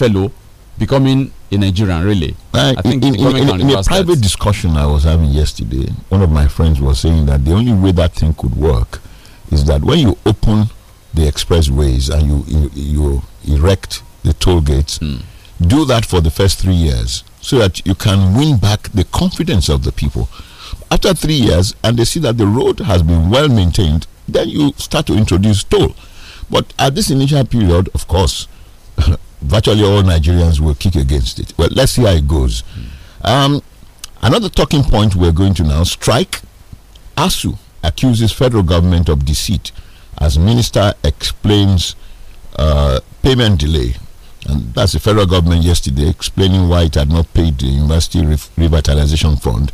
fellow becoming a Nigerian, really. I think in, in, in, in a private discussion I was having yesterday, one of my friends was saying that the only way that thing could work is that when you open the expressways and you you, you erect the toll gates, mm. do that for the first three years so that you can win back the confidence of the people. After three years, and they see that the road has been well maintained, then you start to introduce toll. But at this initial period, of course, virtually all Nigerians will kick against it. Well, let's see how it goes. Um, another talking point we're going to now strike. ASU accuses federal government of deceit as minister explains uh, payment delay. And that's the federal government yesterday explaining why it had not paid the University Revitalization Fund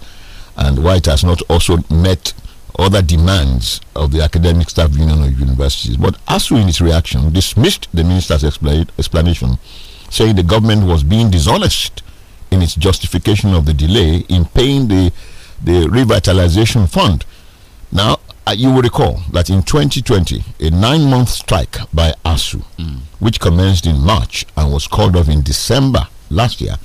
and why it has not also met other demands of the Academic Staff Union of Universities. But ASU, in its reaction, dismissed the minister's explanation, saying the government was being dishonest in its justification of the delay in paying the, the revitalization fund. Now, uh, you will recall that in 2020, a nine month strike by ASU, mm. which commenced in March and was called off in December last year,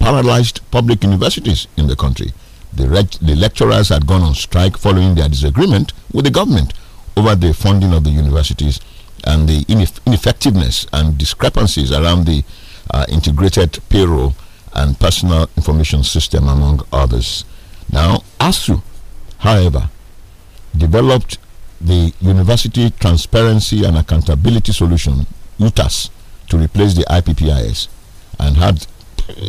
paralyzed public universities in the country. The, the lecturers had gone on strike following their disagreement with the government over the funding of the universities and the ineff ineffectiveness and discrepancies around the uh, integrated payroll and personal information system, among others. Now, ASU, however, developed the University Transparency and Accountability Solution, UTAS, to replace the IPPIS and had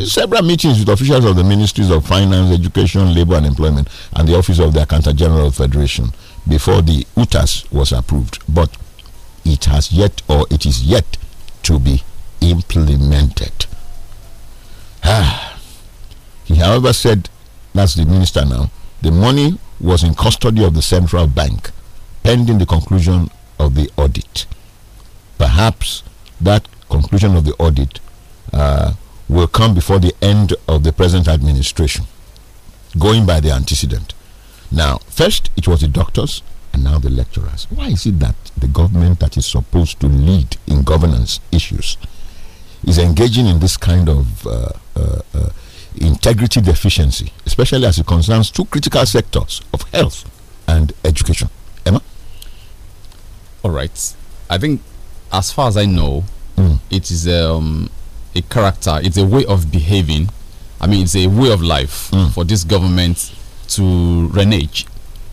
several meetings with officials of the ministries of finance, education, labor and employment, and the office of the accountant general of federation before the UTAS was approved. But it has yet, or it is yet, to be implemented. Ah. he, however, said, that's the minister now, the money was in custody of the central bank pending the conclusion of the audit. Perhaps that conclusion of the audit uh, will come before the end of the present administration, going by the antecedent. Now, first it was the doctors and now the lecturers. Why is it that the government that is supposed to lead in governance issues is engaging in this kind of uh, uh, uh, integrity deficiency, especially as it concerns two critical sectors of health and education? Emma? All right. I think, as far as I know, mm. it is. Um, a character, it's a way of behaving. I mean, it's a way of life mm. for this government to renege,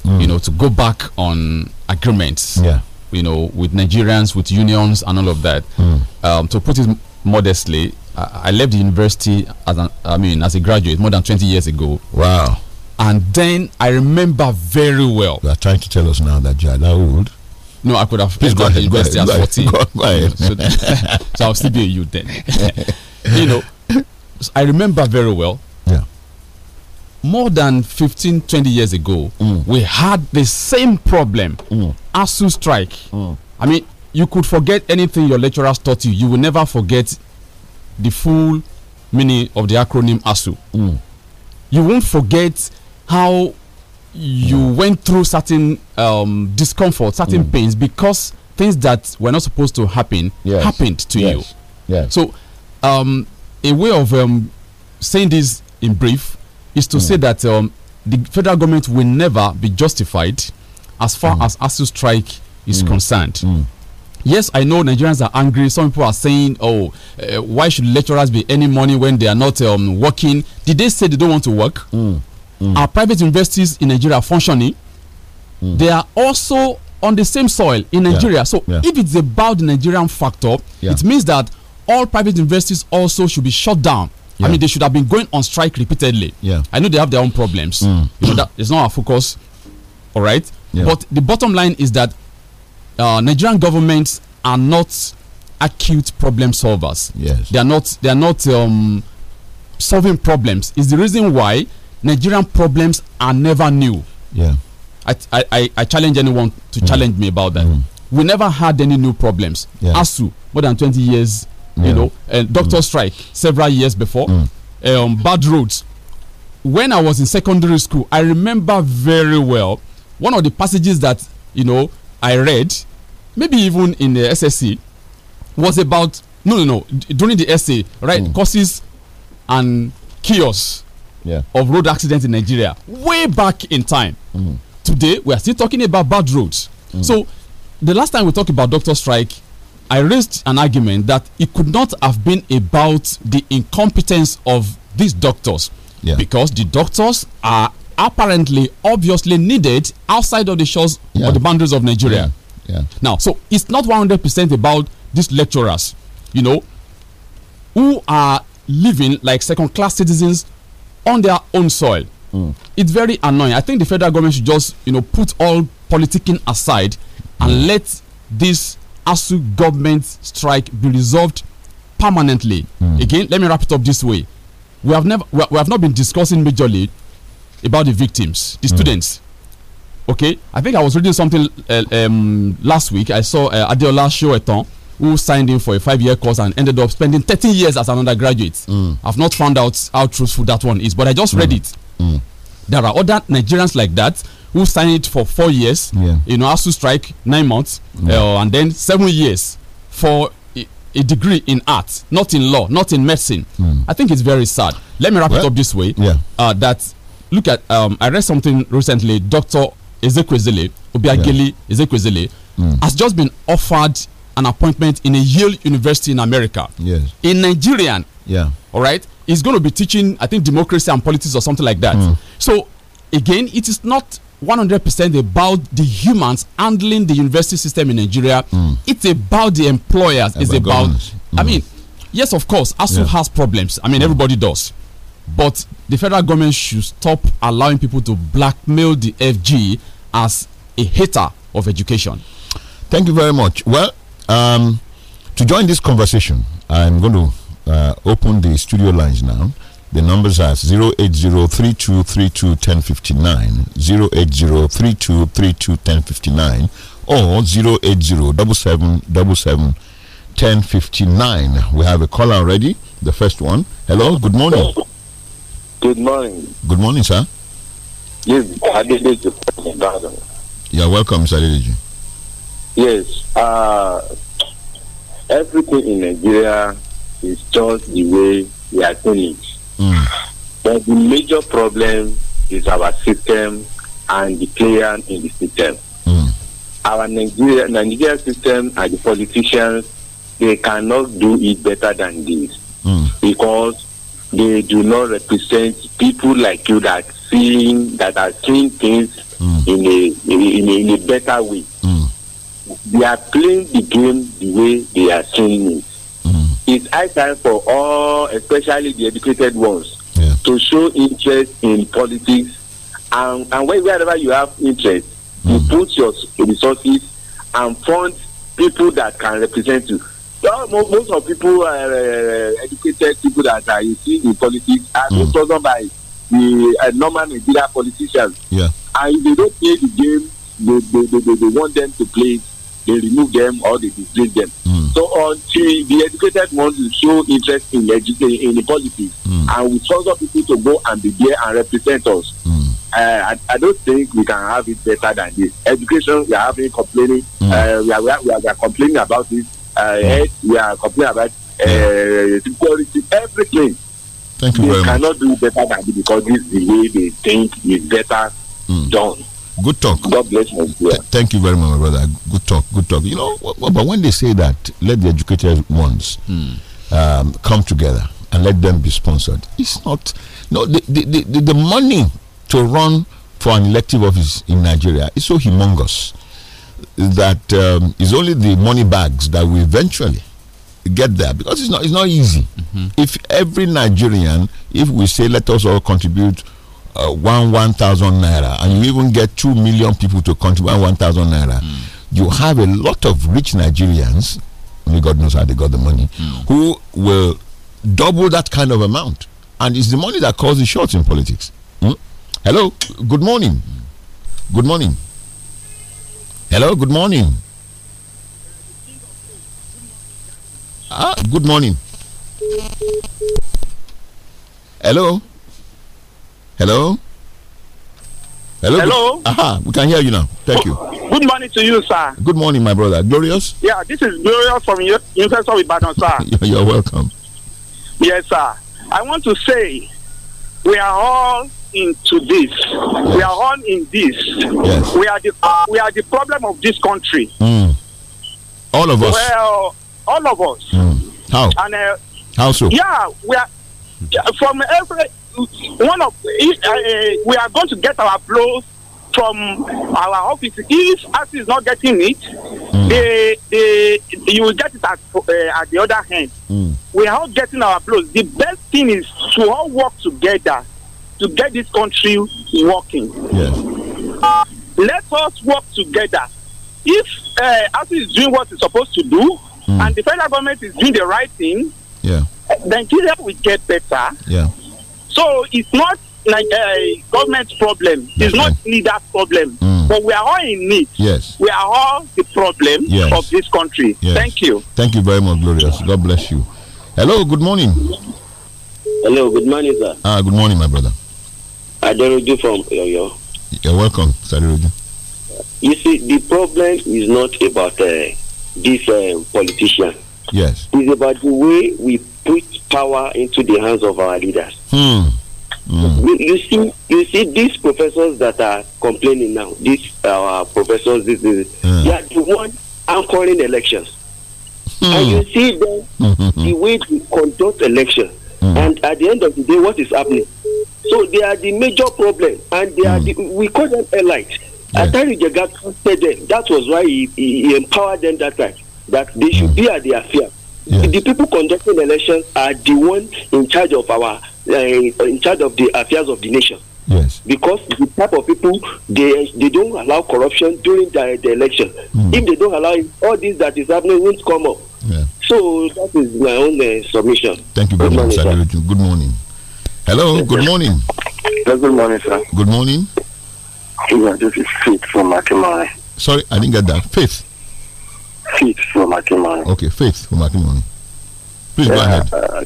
mm. you know, to go back on agreements, yeah. you know, with Nigerians, with unions, and all of that. Mm. Um, to put it modestly, I, I, left the university as an, I mean, as a graduate more than 20 years ago. Wow. And then I remember very well. You are trying to tell us now that you are that old. No, I could have Please entered the university at 14. Go, ahead. So, so I will still be a youth then. you know, I remember very well. Yeah. More than 15, 20 years ago, mm. we had the same problem. Mm. ASU strike. Mm. I mean, you could forget anything your lecturers taught you. You will never forget the full meaning of the acronym ASU. Mm. You won't forget how you went through certain um, discomfort, certain mm. pains because things that were not supposed to happen yes. happened to yes. you. Yes. So, um, a way of um, saying this in brief is to mm. say that um, the federal government will never be justified as far mm. as ASU strike is mm. concerned. Mm. Yes, I know Nigerians are angry. Some people are saying, "Oh, uh, why should lecturers be any money when they are not um, working?" Did they say they don't want to work? Mm mm. our private universities in Nigeria are functioning, mm. they are also on the same soil in Nigeria. Yeah. So yeah. if it's about the Nigerian factor, yeah. it means that all private universities also should be shut down. I mean, they should have been going on strike repeatedly. Yeah. I know they have their own problems. Mm. You know it's not our focus. All right. But the bottom line is that uh, Nigerian governments are not acute problem solvers. Yes. They are not. They are not um, solving problems. Is the reason why Nigerian problems are never new. Yeah. I, I, I challenge anyone to mm. challenge me about that. Mm. We never had any new problems. Yeah. ASU, more than 20 years, yeah. you know, and uh, doctor mm. strike several years before. Mm. Um, bad roads. When I was in secondary school, I remember very well one of the passages that, you know, I read, maybe even in the SSC, was about, no, no, no, during the essay, right? Mm. Courses and kiosks yeah. of road accidents in Nigeria way back in time. Mm. Today, we are still talking about bad roads. Mm. So, the last time we talked about doctor strike, I raised an argument that it could not have been about the incompetence of these doctors yeah. because the doctors are apparently, obviously needed outside of the shores yeah. or the boundaries of Nigeria. Yeah. Now, so it's not 100% about these lecturers, you know, who are living like second class citizens on their own soil. Mm. It's very annoying. I think the federal government should just, you know, put all politicking aside and hmm. let this ASU government strike be resolved permanently. Mm. Again, let me wrap it up this way: we have never, we have not been discussing majorly about the victims, the mm. students. Okay, I think I was reading something uh, um, last week. I saw uh, Adeola Shoeton who signed in for a five year course and ended up spending 13 years as an undergraduate. Mm. I've not found out how truthful that one is, but I just mm. read it. Mm. There are other Nigerians like that who signed it for four years, yeah. you know, to strike, nine months, uh, and then seven years for a, a, degree in art, not in law, not in medicine. Mm. I think it's very sad. Let me wrap well, it up this way yeah. uh, that look at, um, I read something recently, Dr. Ezekwesili, Obiageli yeah. Ezekwesili, mm. has just been offered an appointment in a Yale University in America. Yes. In Nigerian. Yeah. All right. He's going to be teaching, I think, democracy and politics or something like that. Mm. So, again, it is not 100% about the humans handling the university system in Nigeria. Mm. It's about the employers. It's about, mm. I hmm. mean, yes, of course, ASU yeah. has problems. I mean, hmm. everybody does. But the federal government should stop allowing people to blackmail the FG as a hater of education. Thank you very much. Well, um, to join this conversation, I'm going to uh, open the studio lines now. The numbers are 08032321059, 1059 or 08077771059. We have a caller already, the first one. Hello, good morning. Good morning. Good morning, sir. Yes, Adedeji. You're welcome, sir. Yes. Uh, everything in Nigeria is just the way we are doing it. Mm. But the major problem is our system and the player in the system. Mm. Our Nigeria, Nigeria system and the politicians, they cannot do it better than this mm. because they do not represent people like you that seeing that are seeing things hmm. in a, in, a in a better way. Hmm they are playing the game the way they are seeing it. Mm. It's high time for all, especially the educated ones, yeah. to show interest in politics. And, and wherever you have interest, mm. you mm-hmm. put your resources and fund people that can represent you. most of people, uh, uh educated people that are you see in politics, are mm. chosen by the uh, normal Nigerian politicians. Yeah. And if they don't play the game, they, they, they, they, want them to play it they remove them or they displace them. Mm. So until the educated ones will show interest in education in politics mm. and we further people to go and be there and represent us. Mm. Uh, I, I, don't think we can have it better than this. Education, we are having complaining. Uh, we, are, we, are, we, are, we, are, complaining about this. Uh, we are complaining about uh, security, everything. Thank you they very cannot do better than this because this is the way they think is better hmm. done. Good talk. God bless Th thank you very much, my brother. Good talk. Good talk. You know, but when they say that, let the educated ones mm. um, come together and let them be sponsored. It's not. No, the, the, the, the money to run for an elective office in Nigeria is so humongous that um, it's only the money bags that will eventually get there because it's not it's not easy. Mm -hmm. If every Nigerian, if we say let us all contribute uh, one one thousand naira and you even get two million people to contribute one thousand naira mm. you have a lot of rich nigerians only god knows how they got the money mm. who will double that kind of amount and it's the money that causes shorts in politics mm? hello good morning good morning hello good morning ah good morning hello Hello? Hello. Hello. Aha, we can hear you now. Thank you. Good morning to you, sir. Good morning, my brother. Glorious. Yeah, this is Glorious from Universal with Badon, sir. You're welcome. Yes, sir. I want to say we are all into this. Yes. We are all in this. Yes. We are the we are the problem of this country. Mm. All of us. Well, all of us. Mm. How? And uh, how so? Yeah, we are from every one of uh, uh, we are going to get our blows from our office if us is not getting it mm. they, they, you will get it at, uh, at the other hand mm. we are all getting our blows the best thing is to all work together to get this country working yes. let us work together if uh, is doing what it's supposed to do mm. and the federal government is doing the right thing yeah. then Nigeria will get better yeah so it's not like a uh, government problem. It's not leaders' problem. Mm. But we are all in need. Yes. We are all the problem yes. of this country. Yes. Thank you. Thank you very much, Glorious. God bless you. Hello, good morning. Hello, good morning, sir. Ah, good morning, my brother. I don't Aderoju from Oyo. You're welcome, sir. You see, the problem is not about uh, this uh, politician. Yes. It's about the way we put power into the hands of our leaders. Hmm. Mm. You see, you see these professors that are complaining now. These uh, professors, this, this, mm. they are the one anchoring elections. Mm. And you see them -hmm. the way they conduct elections. Hmm. And at the end of the day, what is happening? So they are the major problem, and they are hmm. the, we call them elite. Yes. Atari Jagad said them. That was why he, he, he, empowered them that time that they should be at their fear. Yes. The people conducting elections are the one in charge of our uh, in charge of the affairs of the nation. Yes. Because the type of people they they don't allow corruption during the, the election. Mm. If they don't allow it, all this that is happening won't come up. Yeah. So that is my own uh, submission. Thank you very much. Good morning. Hello. good morning. good morning, sir. Good morning. Yeah, this is Faith from Akimari. Sorry, I didn't get that. Faith. Faith from Akimani. Okay, Faith from Akimani. Please yeah, go ahead. Uh,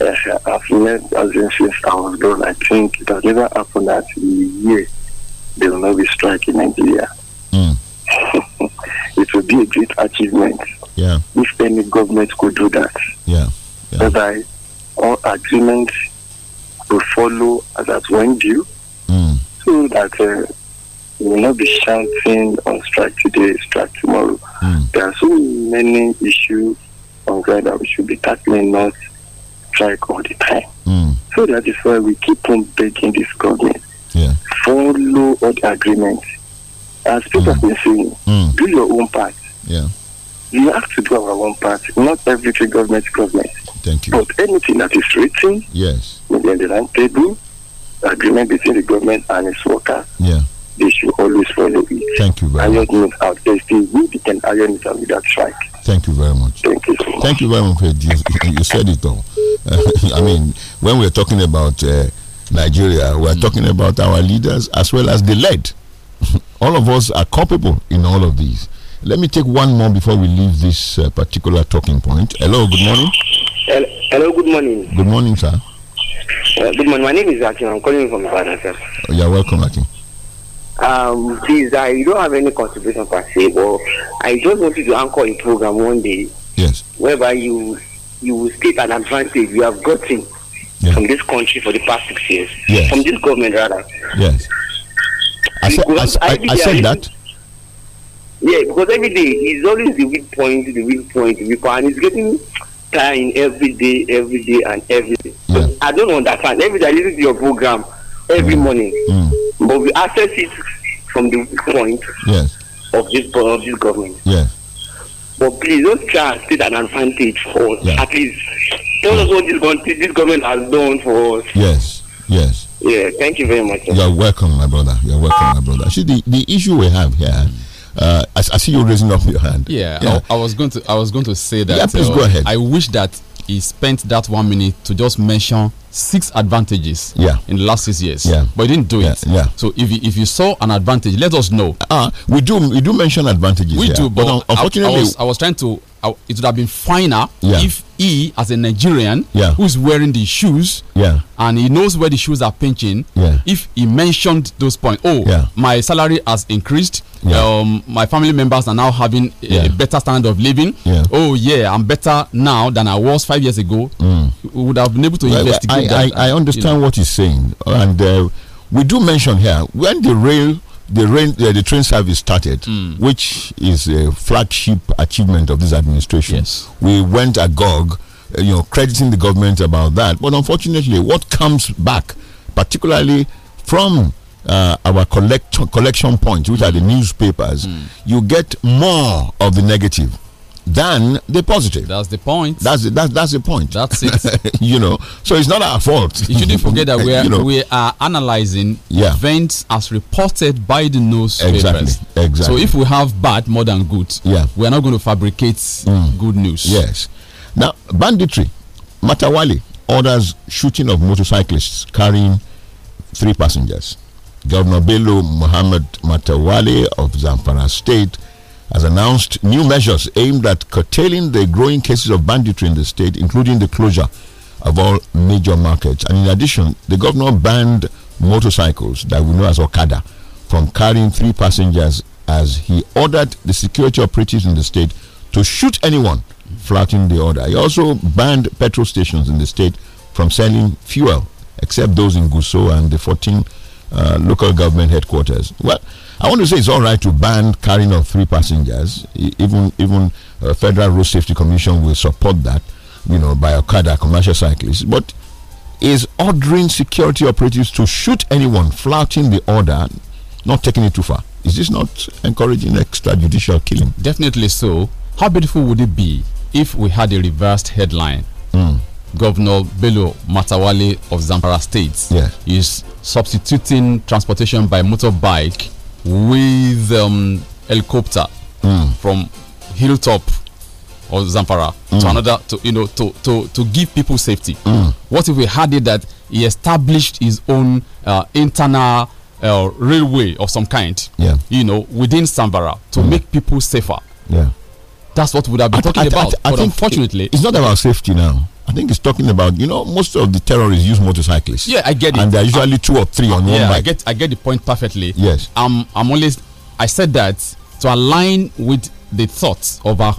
I've met as since I was born. I think it has never happened that in a year they will not be striking Nigeria. Mm. it would be a great achievement. Yeah. If any government could do that. Yeah. yeah. Whereby all agreements will follow as at when due. Mm. So that uh, we will not be shouting on strike today, strike tomorrow. Mm. There are so many issues on ground that we should be tackling, not strike all the time. Mm. So that is why we keep on begging this government. Yeah. Follow all the agreements. As people hmm. have been saying, hmm. do your own part. Yeah. We have to do our own part. Not everything government is government. Thank you. But anything that is written, yes, on the round table, agreement between the government and its worker, yeah they should always follow it. Thank you very much. Iron out. There's can iron it out without strike. Thank you very much. Thank you. So much. Thank you very much. You, you said it all. I mean, when we're talking about uh, Nigeria, we're mm. talking about our leaders as well as the led. all of us are culpable in all of these. Let me take one more before we leave this uh, particular talking point. Hello, good morning. Hello, good morning. Good morning, sir. Uh, good morning. My name is Akin. I'm calling from Ghana, sir. Oh, you're welcome, Akin um, please, I don't have any contribution per se, but I just wanted to anchor a program one day. Yes. Whereby you you will state an advantage you have gotten yes. from this country for the past six years. Yes. From this government, rather. Yes. I, said, I, I, I said that. Yeah, because every day it's always the weak point, the weak point, the weak point, and it's getting tired every day, every day, and every day. Yeah. I don't understand. Every day I listen to your program every mm. morning, mm. but we access it from the point yes. of this of this government. Yes. But please don't try and take an advantage for us. Yeah. At least tell yeah. us what this government, this government has done for us. Yes. Yes. Yeah, thank you very much. You're welcome, my brother. You're welcome, my brother. See, the, the issue we have here uh, I, I, see you raising up your hand. Yeah, yeah. I, I, was going to. I was going to say that. Yeah, please uh, go ahead. I wish that he spent that one minute to just mention six advantages yeah. in the last six years. Yeah. But he didn't do yeah. it. Yeah. So if you, if you saw an advantage, let us know. Uh, we do we do mention advantages. We do, but, but unfortunately, I was, I was, trying to it would have been finer yeah. if he, as a Nigerian, yeah. who's wearing the shoes, yeah. and he knows where the shoes are pinching, if he mentioned those points, oh, my salary has increased, um, my family members are now having a, a better standard of living, oh yeah, I'm better now than I was five years ago, mm. would have been able to well, investigate I, that. I, I understand you know. what he's saying, and uh, we do mention here when the rail the, rain, uh, the train service started, mm. which is a flagship achievement of this administration. Yes. We went agog, uh, you know, crediting the government about that. But unfortunately, what comes back, particularly from uh, our collect collection points, which mm. are the newspapers, mm. you get more of the negative than the positive. That's the point. That's the, that's that's the point. That's it. you know, so it's not our fault. You shouldn't forget that we are you know. we are analyzing yeah. events as reported by the news. Exactly. Exactly. So if we have bad more than good, yeah, we are not going to fabricate mm. good news. Yes. Now banditry, Matawali orders shooting of motorcyclists carrying three passengers. Governor Bello Muhammad Matawali of Zamfara State has announced new measures aimed at curtailing the growing cases of banditry in the state, including the closure of all major markets. And in addition, the governor banned motorcycles that we know as Okada from carrying three passengers as he ordered the security operatives in the state to shoot anyone flouting the order. He also banned petrol stations in the state from selling fuel, except those in Gusau and the 14 uh, local government headquarters. Well, I want to say it's all right to ban carrying of three passengers. Even even uh, Federal Road Safety Commission will support that, you know, by Okada commercial cyclists. But is ordering security operatives to shoot anyone flouting the order, not taking it too far? Is this not encouraging extrajudicial killing? Definitely so. How beautiful would it be if we had a reversed headline? Mm. Governor Bello Matawale of Zamfara State yeah. is substituting transportation by motorbike with um, helicopter mm. from hilltop or Zamfara mm. to hmm. another to you know to to to give people safety. Mm. What if we had it that he established his own uh, internal uh, railway of some kind? Yeah. You know, within Zamfara to mm. make people safer. Yeah. That's what would have been I talking about. I but unfortunately, it's not about safety now. I think he's talking about you know most of the terrorists use motorcyclists. Yeah, I get it. And there are usually i two or three on yeah, one bike. I get I get the point perfectly. Yes. I'm I'm always I said that to align with the thoughts of our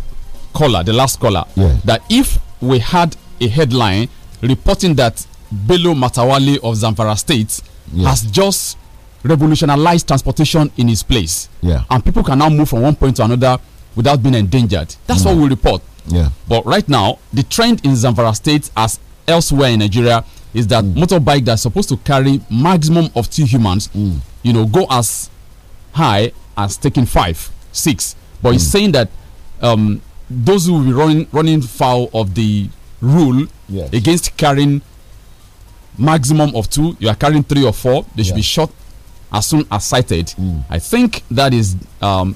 caller, the last caller, Yeah. that if we had a headline reporting that Bello Matawali of Zamfara State has just revolutionized transportation in his place, yeah. and people can now move from one point to another without being endangered. That's mm. what we report. Yeah. But right now, the trend in Zamfara State, as elsewhere in Nigeria, is that mm. motorbike that's supposed to carry maximum of two humans, mm. you know, go as high as taking five, six. But mm. he's saying that um, those who will be running running foul of the rule yes. against carrying maximum of two, you are carrying three or four, they should be shot as soon as sighted. Mm. I think that is um,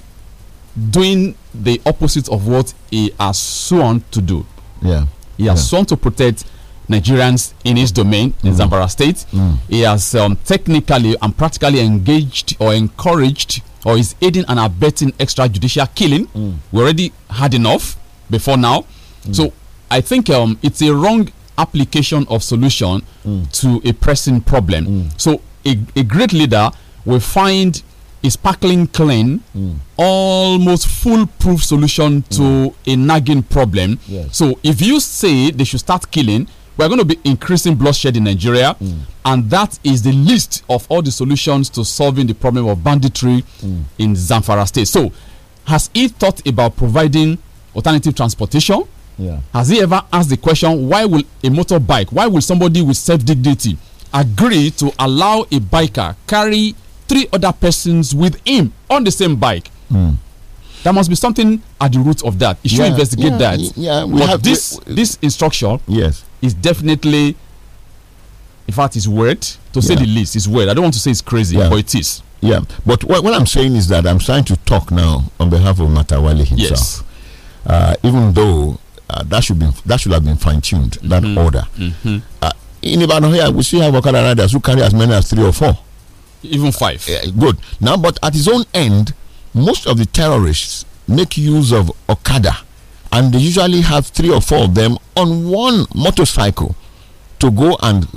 doing the opposite of what he has sworn to do. Yeah. He has yeah. sworn to protect Nigerians in his domain in mm. Zambara State. Mm. He has um, technically and practically engaged or encouraged or is aiding and abetting extrajudicial killing. Mm. We already had enough before now. Mm. So I think um, it's a wrong application of solution mm. to a pressing problem. So a, a great leader will find a sparkling clean, mm. almost foolproof solution to mm. a nagging problem. Yes. So if you say they should start killing, we're going to be increasing bloodshed in Nigeria, mm. and that is the least of all the solutions to solving the problem of banditry mm. in Zamfara state. So, has he thought about providing alternative transportation? Yeah. Has he ever asked the question, why will a motorbike, why will somebody with self dignity agree to allow a biker carry three other persons with him on the same bike. Mm. There must be something at the root of that. You should yeah, investigate yeah, that. Yeah, we but have, this we, this instruction yes. is definitely, in fact, is weird to yeah. say the least. It's weird. I don't want to say it's crazy, but it is. Yeah, but what, what, I'm saying is that I'm trying to talk now on behalf of Matawali himself. Yes. Uh, even though uh, that should be that should have been fine tuned mm -hmm. that mm-hmm. order. Mm -hmm. uh, in Ibadan here, we still have Okada riders who carry as many as three or four even five. Uh, good. Now, but at his own end, most of the terrorists make use of Okada, and they usually have three or four of them on one motorcycle to go and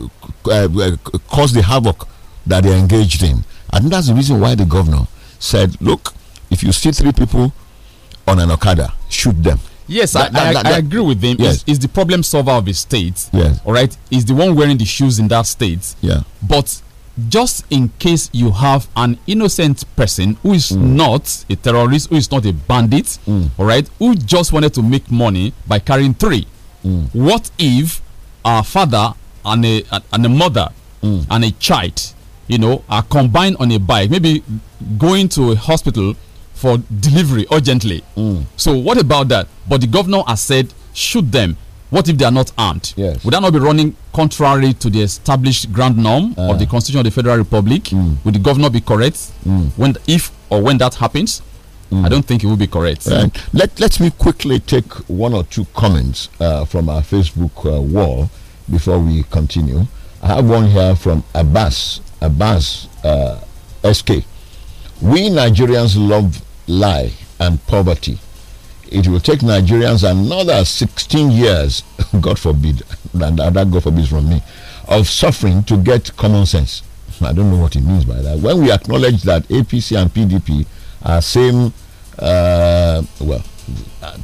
uh, uh cause the havoc that they engaged in. And that's the reason why the governor said, look, if you see three people on an Okada, shoot them. Yes, that, I, that, I, that, I, agree with him. Yes. Is the problem solver of the state. Yes. All right. Is the one wearing the shoes in that state. Yeah. But just in case you have an innocent person who is mm. not a terrorist, who is not a bandit, mm. all right, who just wanted to make money by carrying three. Mm. What if a father and a and a mother mm. and a child, you know, are combined on a bike, maybe going to a hospital for delivery urgently? Mm. So what about that? But the governor has said shoot them what if they are not armed? Yes. Would that not be running contrary to the established ground norm uh. of the Constitution of the Federal Republic? Mm. Would the governor be correct mm. when, if or when that happens? Mm. I don't think it would be correct. Right. Let Let me quickly take one or two comments uh, from our Facebook uh, wall before we continue. I have one here from Abbas Abbas uh, SK. We Nigerians love lie and poverty it will take Nigerians another 16 years, God forbid, and that God forbid from me, of suffering to get common sense. I don't know what it means by that. When we acknowledge that APC and PDP are same, uh, well, I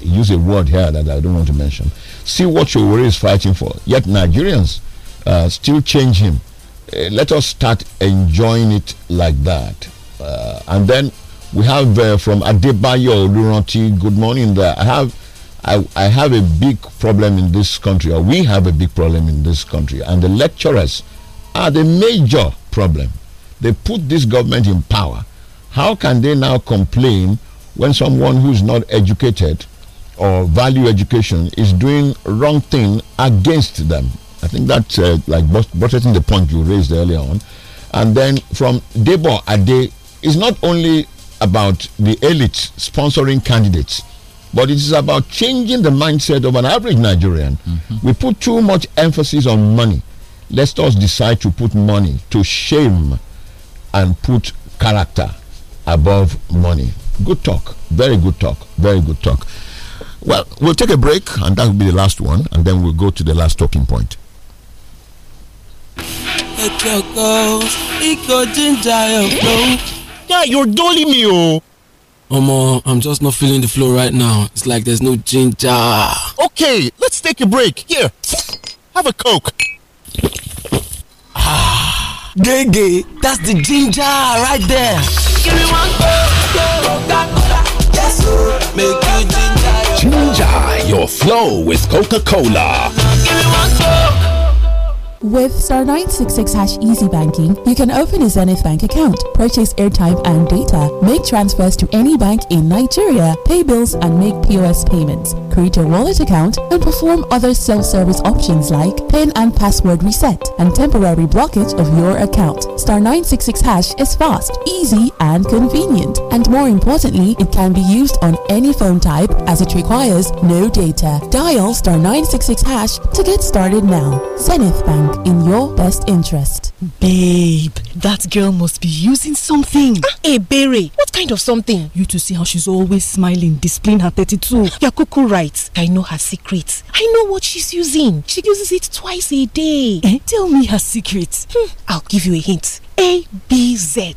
use a word here that I don't want to mention. See what Showore is fighting for. Yet Nigerians uh, still change him. Uh, let us start enjoying it like that, uh, and then we have uh, from Adebayo Luranti. Good morning. There, I have. I, I have a big problem in this country, or we have a big problem in this country, and the lecturers are the major problem. They put this government in power. How can they now complain when someone who's not educated or value education is doing wrong thing against them? I think that's uh, like buttressing the point you raised earlier on. And then from Debo Ade, it's not only about the elite sponsoring candidates, but it is about changing the mindset of an average Nigerian. Mm -hmm. We put too much emphasis on money. Let us decide to put money to shame and put character above money. Good talk. Very good talk. Very good talk. Well, we'll take a break, and that will be the last one, and then we'll go to the last talking point guy, you're dolly me, oh. Omo, I'm just not feeling the flow right now. It's like there's no ginger. Okay, let's take a break. Here, have a coke. Ah, Gege, that's the ginger right there. Give me one coke, make you ginger. Ginger your flow with Coca-Cola. Give me one coke. With star 966 hash easy banking, you can open a Zenith Bank account, purchase airtime and data, make transfers to any bank in Nigeria, pay bills and make POS payments, create a wallet account, and perform other self-service options like PIN and password reset and temporary blockage of your account. Star 966 hash is fast, easy, and convenient. And more importantly, it can be used on any phone type as it requires no data. Dial star 966 hash to get started now. Zenith Bank in your best interest. Babe, that girl must be using something. Ah, hey, eh, Berry, what kind of something? You to see how she's always smiling, displaying her 32. Yakuku writes, right. I know her secrets. I know what she's using. She uses it twice a day. Eh? Tell me her secrets. Hmm. I'll give you a hint. A B Z.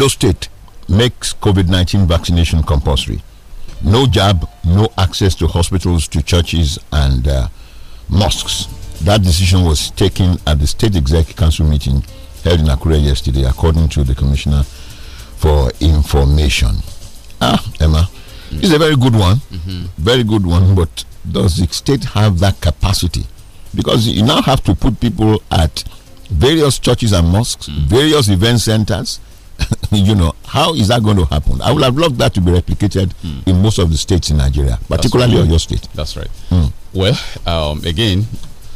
Ondo State makes COVID 19 vaccination compulsory. No jab, no access to hospitals, to churches, and uh, mosques. That decision was taken at the State Executive Council meeting held in Akure yesterday, according to the Commissioner for Information. Ah, Emma, mm. it's a very good one, mm -hmm. very good one, but does the state have that capacity? Because you now have to put people at various churches and mosques, mm. various event centers, you know, how is that going to happen? I would have loved that to be replicated mm. in most of the states in Nigeria, particularly your state. That's right. Mm. Well, um, again,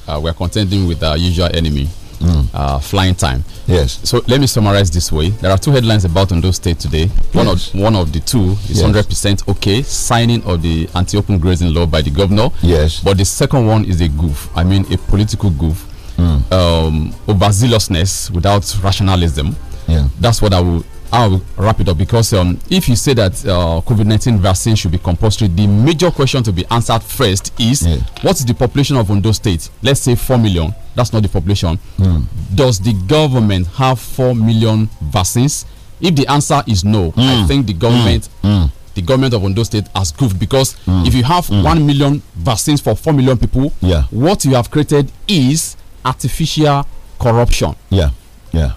uh, we're contending with our usual enemy, Mm. Uh, flying time. Yes. So let me summarize this way. There are two headlines about Ondo State today. One yes. of one of the two is 100% okay signing of the anti-open grazing law by the governor. Yes. But the second one is a goof. I mean, a political goof. Mm. Um, overzealousness without rationalism. Yeah. That's what I will. I'll wrap it up because um, if you say that uh, COVID 19 vaccine should be compulsory, the major question to be answered first is yeah. what is the population of Ondo State? Let's say 4 million. That's not the population. Mm. Does the government have 4 million vaccines? If the answer is no, mm. I hmm. think the government. Mm the government of Ondo State has goofed because mm. if you have mm. 1 million vaccines for 4 million people, yeah. what you have created is artificial corruption. Yeah. Yeah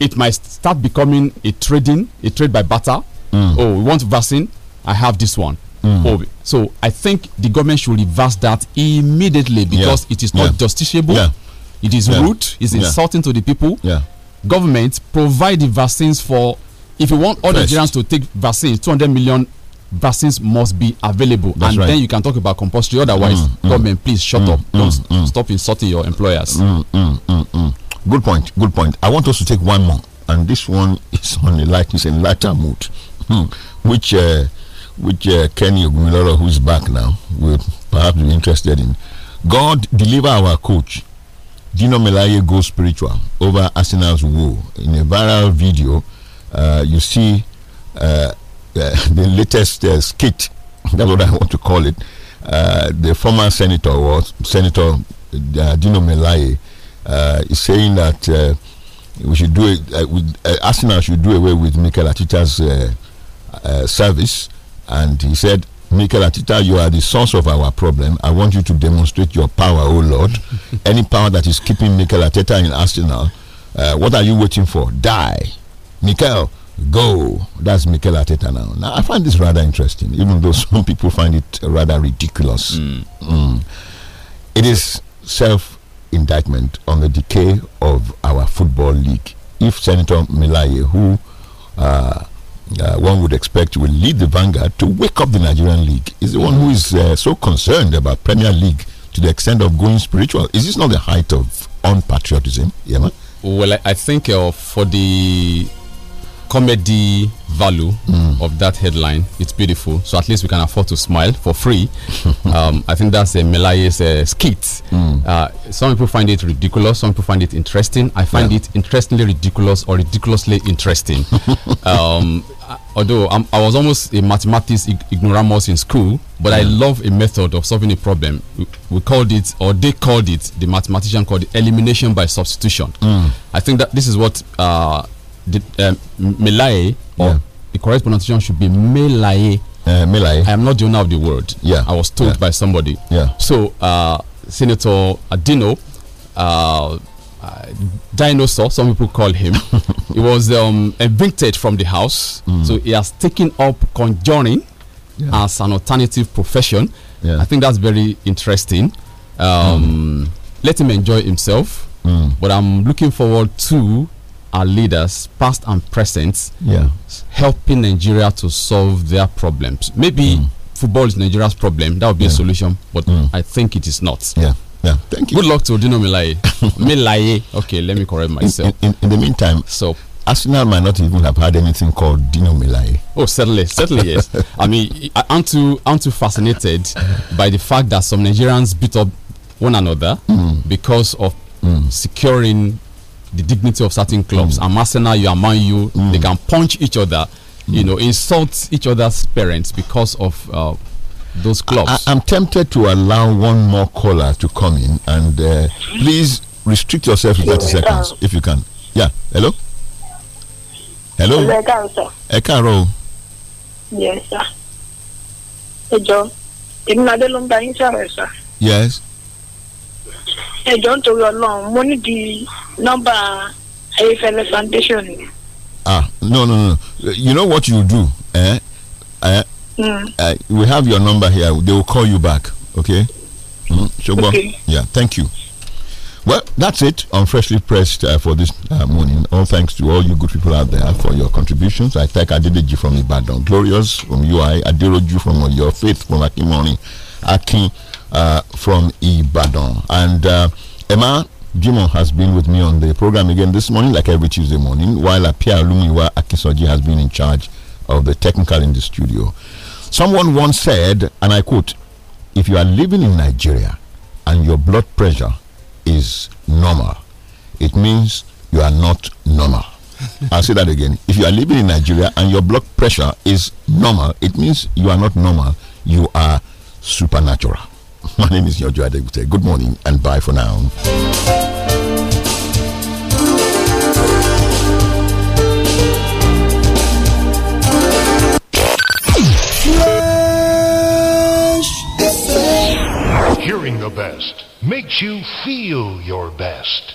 it might start becoming a trading, a trade by butter. Mm. Oh, we want vaccine. I have this one. Mm. Oh, so I think the government should reverse that immediately because yeah. it is not yeah. justiciable. Yeah. It is rude. It's insulting to the people. Government provide the vaccines for. If you want all Fresh. Nigerians to take vaccines, 200 million vaccines must be available That's and right. then you can talk about compulsory otherwise mm, mm, government please shut mm, up don't mm, mm. stop insulting your employers mm, Good point. Good point. I want us to take one more, and this one is on a light is in lighter mood, hmm. which uh, which uh, Kenny Ogumiloro, who's back now, will perhaps be interested in. God deliver our coach. Dino Melaye Go spiritual over Arsenal's woe. In a viral video, uh, you see uh, uh the latest uh, skit. That's what I want to call it. Uh, the former senator was Senator Dino Melaye uh, is saying that uh, we should do it. Uh, with, uh, Arsenal should do away with Mikel Arteta's uh, uh, service, and he said, Mikel Arteta, you are the source of our problem. I want you to demonstrate your power, oh Lord. Any power that is keeping Mikel Arteta in Arsenal, what are you waiting for? Die, Mikel go. That's Mikel Arteta now. Now, I find this rather interesting, even though some people find it rather ridiculous. Mm. Mm. It is self indictment on the decay of our football league. If Senator Milaye, who uh, uh, one would expect will lead the vanguard to wake up the Nigerian league, is the one who is uh, so concerned about Premier League to the extent of going spiritual. Is this not the height of unpatriotism, Yema? Well, I, I think uh, for the comedy value mm. of that headline. It's beautiful. So at least we can afford to smile for free. um, I think that's a uh, Melaye's uh, skit. Mm. Uh, some people find it ridiculous. Some people find it interesting. I find yeah. it interestingly ridiculous or ridiculously interesting. um, uh, although I'm, i was almost a mathematics ignoramus in school, but I love a method of solving a problem. We, we called it, or they called it, the mathematician called it elimination by substitution. Mm. I think that this is what uh, the, uh, Melaye, or yeah. the correct pronunciation should be Melaye. Uh, Melaye. I am not the owner of the word. Yeah. I was told yeah. by somebody. Yeah. So, uh, Senator Adino, uh, uh dinosaur, some people call him, he was um, evicted from the house. Mm. So, he has taken up conjuring yeah. as an alternative profession. Yeah. I think that's very interesting. Um, mm. Let him enjoy himself. Mm. But I'm looking forward to our leaders, past and present, yeah. helping Nigeria to solve their problems. Maybe mm. football is Nigeria's problem. That would be yeah. a solution, but mm. I think it is not. Yeah. Yeah, thank you. Good luck to Odino Milaye. Milaye. Okay, let me correct myself. In, in, in the meantime, so Arsenal might not even have had anything called Dino Milaye. Oh, certainly, certainly yes. I mean, I'm too, I'm too fascinated by the fact that some Nigerians beat up one another mm. because of mm. securing the dignity of certain clubs. Mm. I'm Arsenal, you are you. U. Mm. They can punch each other, mm. you know, insult each other's parents because of uh, those clubs. I, am tempted to allow one more caller to come in, and uh, please restrict yourself to 30 seconds if you can. Yeah, hello? Hello? Hello, Ekaro. Ekaro. Yes, sir. Hey, John. Yes ẹjọ́ nítorí ọlọ́run mo nídìí nọ́mbà ayéfẹ́lẹ́ foundation ah no no no you know what you do eh? Eh? Mm. Uh, we have your number here they will call you back okay. Mm, Shogbo. okay. yeah thank you. Well, that's it I'm Freshly Pressed uh, for this uh, morning. All thanks to all you good people out there for your contributions. I thank Adedeji from Ibadan, Glorious from UI, Aderoju from Your Faith from Akimoni, Akin uh, from Ibadan. And uh, Emma Jimon has been with me on the program again this morning, like every Tuesday morning, while Apia Lumiwa Akisoji has been in charge of the technical in the studio. Someone once said, and I quote, if you are living in Nigeria and your blood pressure is normal, it means you are not normal. I'll say that again. If you are living in Nigeria and your blood pressure is normal, it means you are not normal. You are supernatural. My name is Yojo Adegute. Good morning and bye for now. Hearing the best makes you feel your best.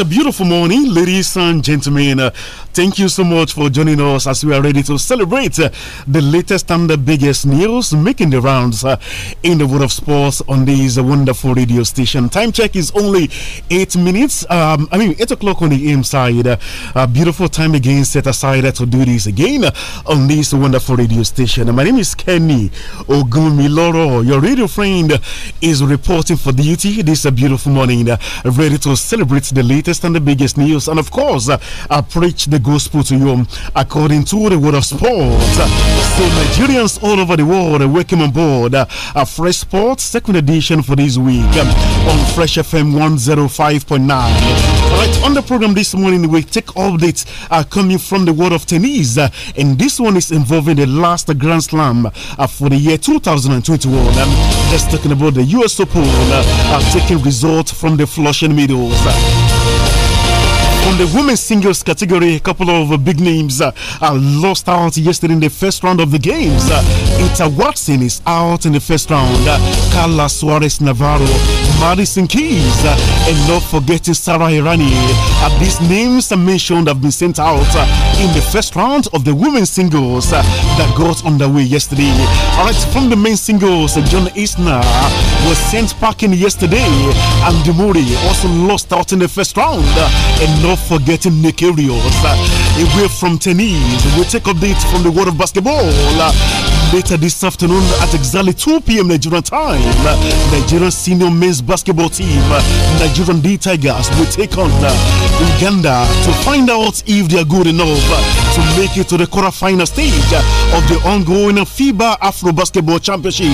a beautiful morning, ladies and gentlemen. Uh, thank you so much for joining us as we are ready to celebrate uh, the latest and the biggest news making the rounds uh, in the world of sports on this wonderful radio station. Time check is only eight minutes. Um, I mean, eight o'clock on the AM side. Uh, a beautiful time again set aside to do this again uh, on this wonderful radio station. My name is Kenny Ogumiloro. Your radio friend is reporting for duty this beautiful morning, uh, ready to celebrate the latest and the biggest news, and of course, uh, I preach the gospel to you according to the word of sport. So, Nigerians all over the world, uh, welcome aboard! board uh, Fresh Sports second edition for this week um, on Fresh FM 105.9. Right on the program this morning, we take updates uh, coming from the world of tennis, uh, and this one is involving the last Grand Slam uh, for the year 2021. Um, just talking about the US Open uh, taking results from the Flushing Meadows on the women's singles category, a couple of big names uh, lost out yesterday in the first round of the games. Uh, Ita Watson is out in the first round. Uh, Carla Suarez Navarro Madison Keys, uh, and not forgetting Sarah Irani. Uh, these names mentioned have been sent out uh, in the first round of the women's singles that got underway yesterday. All right, from the men's singles, John Isner was sent packing yesterday, and Demori also lost out in the first round. And not forgetting Nick Arios. Away from tennis, we take updates from the world of basketball later this afternoon at exactly 2 p.m. Nigerian time. Nigerian senior men's basketball team, Nigerian D Tigers, will take on Uganda to find out if they are good enough to make it to the quarterfinal stage of the ongoing FIBA Afro Basketball Championship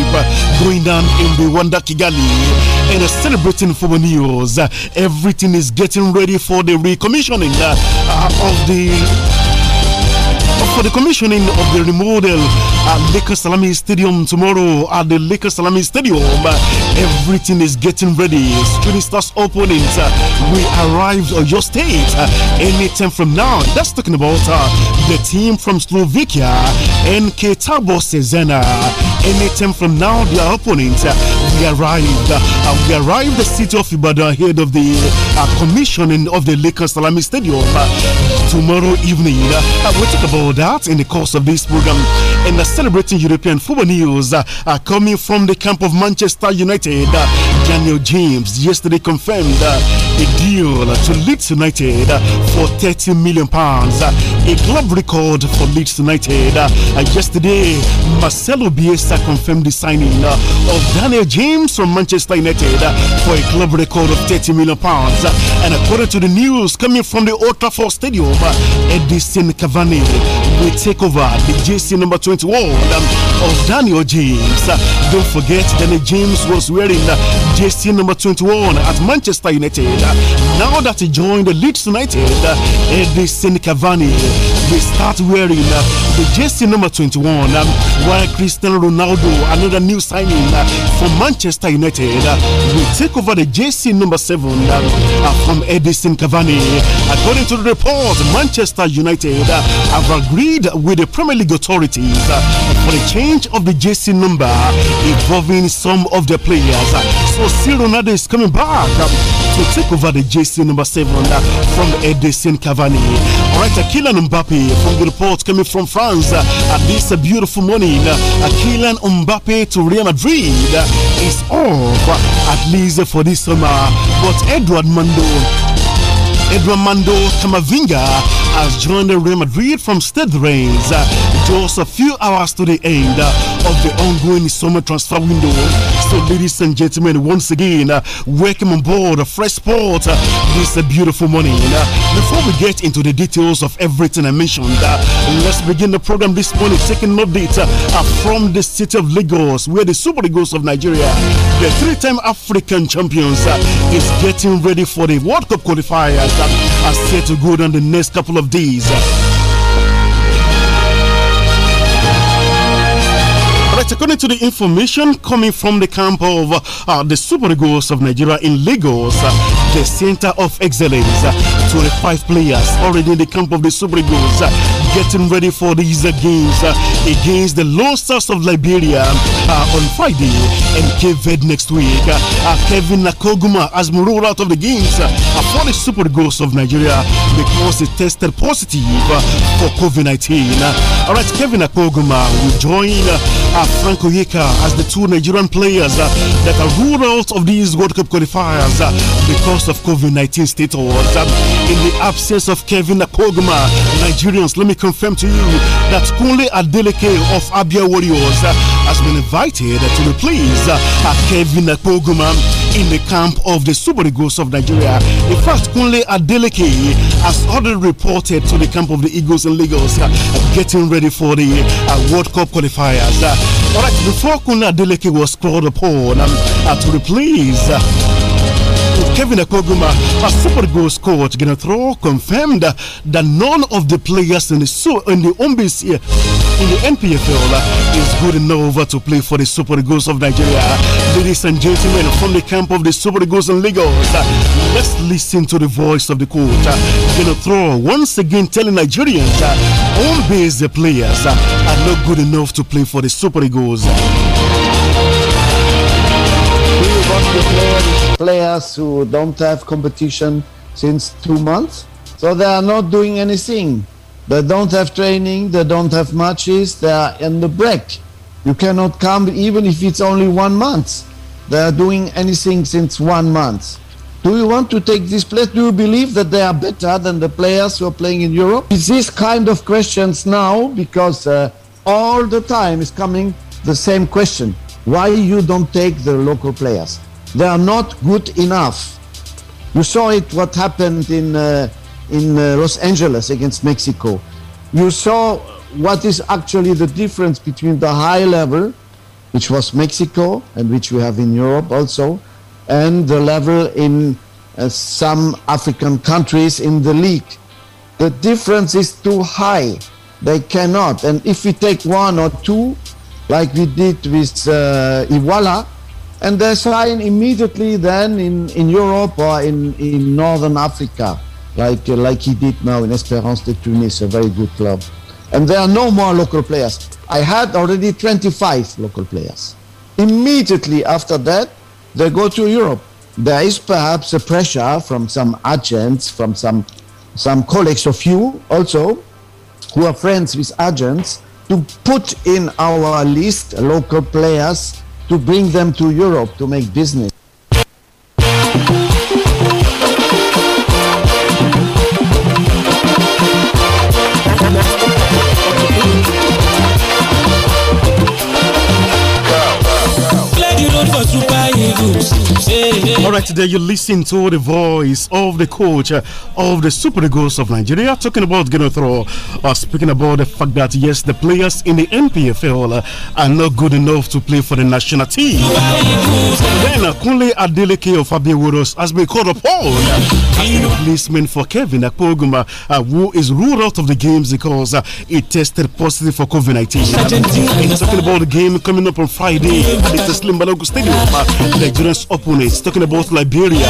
going down in Rwanda, Kigali and uh, celebrating the news. Uh, everything is getting ready for the recommissioning uh, of the for the commissioning of the remodel at Lakers Salami Stadium tomorrow at the Lakers Salami Stadium. Everything is getting ready. Student starts opening. We arrived at your state anytime from now. That's talking about uh, the team from Slovakia, NK Tabo Zena. Anytime from now, their opponents. we arrived. Uh, uh, we arrived the city of Ibadan ahead of the uh, commissioning of the Lakers Salami Stadium tomorrow evening. Uh, we'll talk about that in the course of this program. And uh, celebrating European football news uh, uh, coming from the camp of Manchester United. Daniel James yesterday confirmed a deal to Leeds United for 30 million pounds, a club record for Leeds United. yesterday, Marcelo Bielsa Arteta confirmed the signing uh, of Daniel James from Manchester United uh, for a club record of 30 million pounds. Uh, and according to the news coming from the Old Trafford Stadium, Edison Cavani will take over the JC number 21 um, of Daniel James. don't forget, Daniel James was wearing JC number 21 at Manchester United. now that he joined Leeds United, Edison Cavani will start wearing the JC number 21 um, while Cristiano Ronaldo Ronaldo, another new signing uh, for Manchester United, uh, will take over the JC number seven uh, uh, from Edison Cavani. According to the report, Manchester United uh, have agreed with the Premier League authorities uh, for the change of the JC number involving some of the players. So, C. Ronaldo is coming back um, to take over the JC number seven from Edison Cavani. All right, Akilan Mbappe from the report coming from France at this beautiful morning. Akilan. Kylian Mbappe to Real Madrid is off, at least for this summer. But Edward Mando, Edward Mando Kamavinga has joined Real Madrid from state ranks uh, just a few hours to the end uh, of the ongoing summer transfer window. So, ladies and gentlemen, once again, uh, welcome on board Fresh Sport this beautiful morning. Before we get into the details of everything I mentioned, let's begin the program this morning taking an update from the city of Lagos, where the Super Eagles of Nigeria, the three-time African champions, is getting ready for the World Cup qualifiers that are set to go down the next couple of of these. Right, according to the information coming from the camp of uh, the Super Eagles of Nigeria in Lagos, uh, the center of excellence, uh, 25 players already in the camp of the Super Eagles uh, getting ready for these games uh, against the Lone Stars of Liberia uh, on Friday and Cape Verde next week. Uh, Kevin Nakoguma has been ruled out of the games for the Super ghost of Nigeria because he tested positive for COVID 19. All right, Kevin Nakoguma will join uh, Franco Yeka as the two Nigerian players uh, that are ruled out of these World Cup qualifiers uh, because of COVID 19 status. Um, in the absence of Kevin Akogma, Nigerians, let me confirm to you that Kunle Adeleke of Abia Warriors uh, has been invited to replace uh, Kevin Akogma in the camp of the Super Eagles of Nigeria. In fact, Kunle Adeleke has already reported to the camp of the Eagles in Lagos, uh, getting ready for the uh, World Cup qualifiers. Uh, all right, before Kuna Deleke was called upon um, uh, to replace uh, Kevin Akoguma, a Super goals coach, Genethro confirmed uh, that none of the players in the, so, in the Ombis here in the NPFL uh, is good enough to play for the Super Eagles of Nigeria. Ladies and gentlemen, from the camp of the Super Eagles and Lagos, uh, let's listen to the voice of the coach, uh, Genethro, once again telling Nigerians. Uh, Home-based players are not good enough to play for the Super Eagles. Players, players who don't have competition since two months, so they are not doing anything. They don't have training, they don't have matches, they are in the break. You cannot come even if it's only one month. They are doing anything since one month. Do you want to take this place? Do you believe that they are better than the players who are playing in Europe? It's these kind of questions now because uh, all the time is coming the same question. Why you don't take the local players? They are not good enough. You saw it what happened in uh, in uh, Los Angeles against Mexico. You saw what is actually the difference between the high level, which was Mexico and which we have in Europe also, and the level in uh, some African countries in the league. The difference is too high. They cannot. And if we take one or two, like we did with uh, Iwala, and they sign immediately then in, in Europe or in, in Northern Africa, like, uh, like he did now in Esperance de Tunis, a very good club. And there are no more local players. I had already 25 local players. Immediately after that, they go to Europe. There is perhaps a pressure from some agents, from some some colleagues of you also, who are friends with agents, to put in our list local players to bring them to Europe to make business. Yesterday, you listened to the voice of the coach of the Super Eagles of Nigeria talking about Geno Throw, uh, speaking about the fact that, yes, the players in the NPFL uh, are not good enough to play for the national team. Then, uh, Kunle Adeleke of Abiworos has been called upon a replacement for Kevin Akpoguma, uh, who is ruled out of the games because uh, he tested positive for COVID 19. Talking about the game coming up on Friday at the Slim Balogu Stadium, uh, Nigerians opponents talking about like Liberia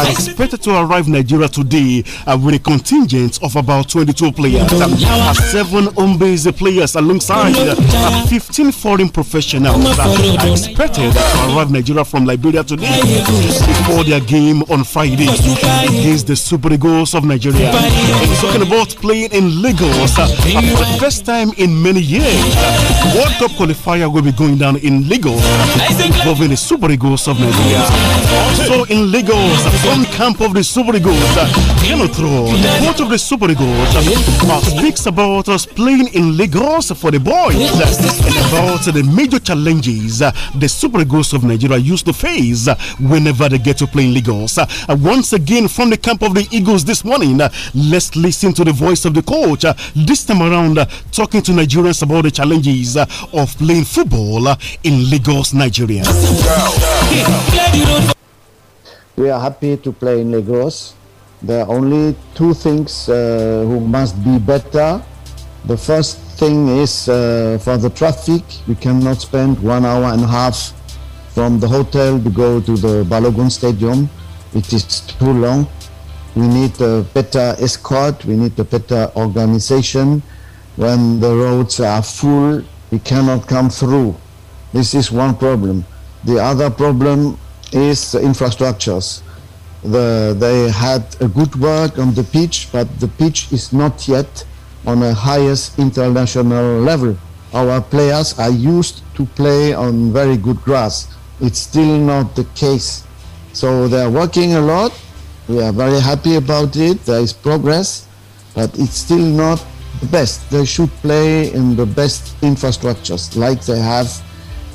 are expected to arrive Nigeria today uh, with a contingent of about 22 players, uh, seven home-based players alongside uh, 15 foreign professionals are um, expected to arrive Nigeria from Liberia today before their game on Friday against the Super Eagles of Nigeria. We're talking about playing in Lagos uh, for the first time in many years. Uh, World Cup qualifier will be going down in Lagos involving the Super Eagles of Nigeria. Also in Lagos, home camp of the Super Eagles. Uh, Kenotro, the coach of the Super Eagles, uh, speaks about us playing in Lagos for the boys uh, and about the major challenges the Super Eagles of Nigeria used to face whenever they get to play in Lagos. Once again, from the camp of the Eagles this morning, let's listen to the voice of the coach this time around talking to Nigerians about the challenges of playing football in Lagos, Nigeria we are happy to play in Negros. There are only two things uh, who must be better. The first thing is uh, for the traffic, we cannot spend one hour and a half from the hotel to go to the Balogun Stadium. It is too long. We need a better escort, we need a better organization. When the roads are full, we cannot come through. This is one problem. The other problem is infrastructures. The, they had a good work on the pitch, but the pitch is not yet on a highest international level. Our players are used to play on very good grass. It's still not the case. So they are working a lot. We are very happy about it. There is progress, but it's still not the best. They should play in the best infrastructures like they have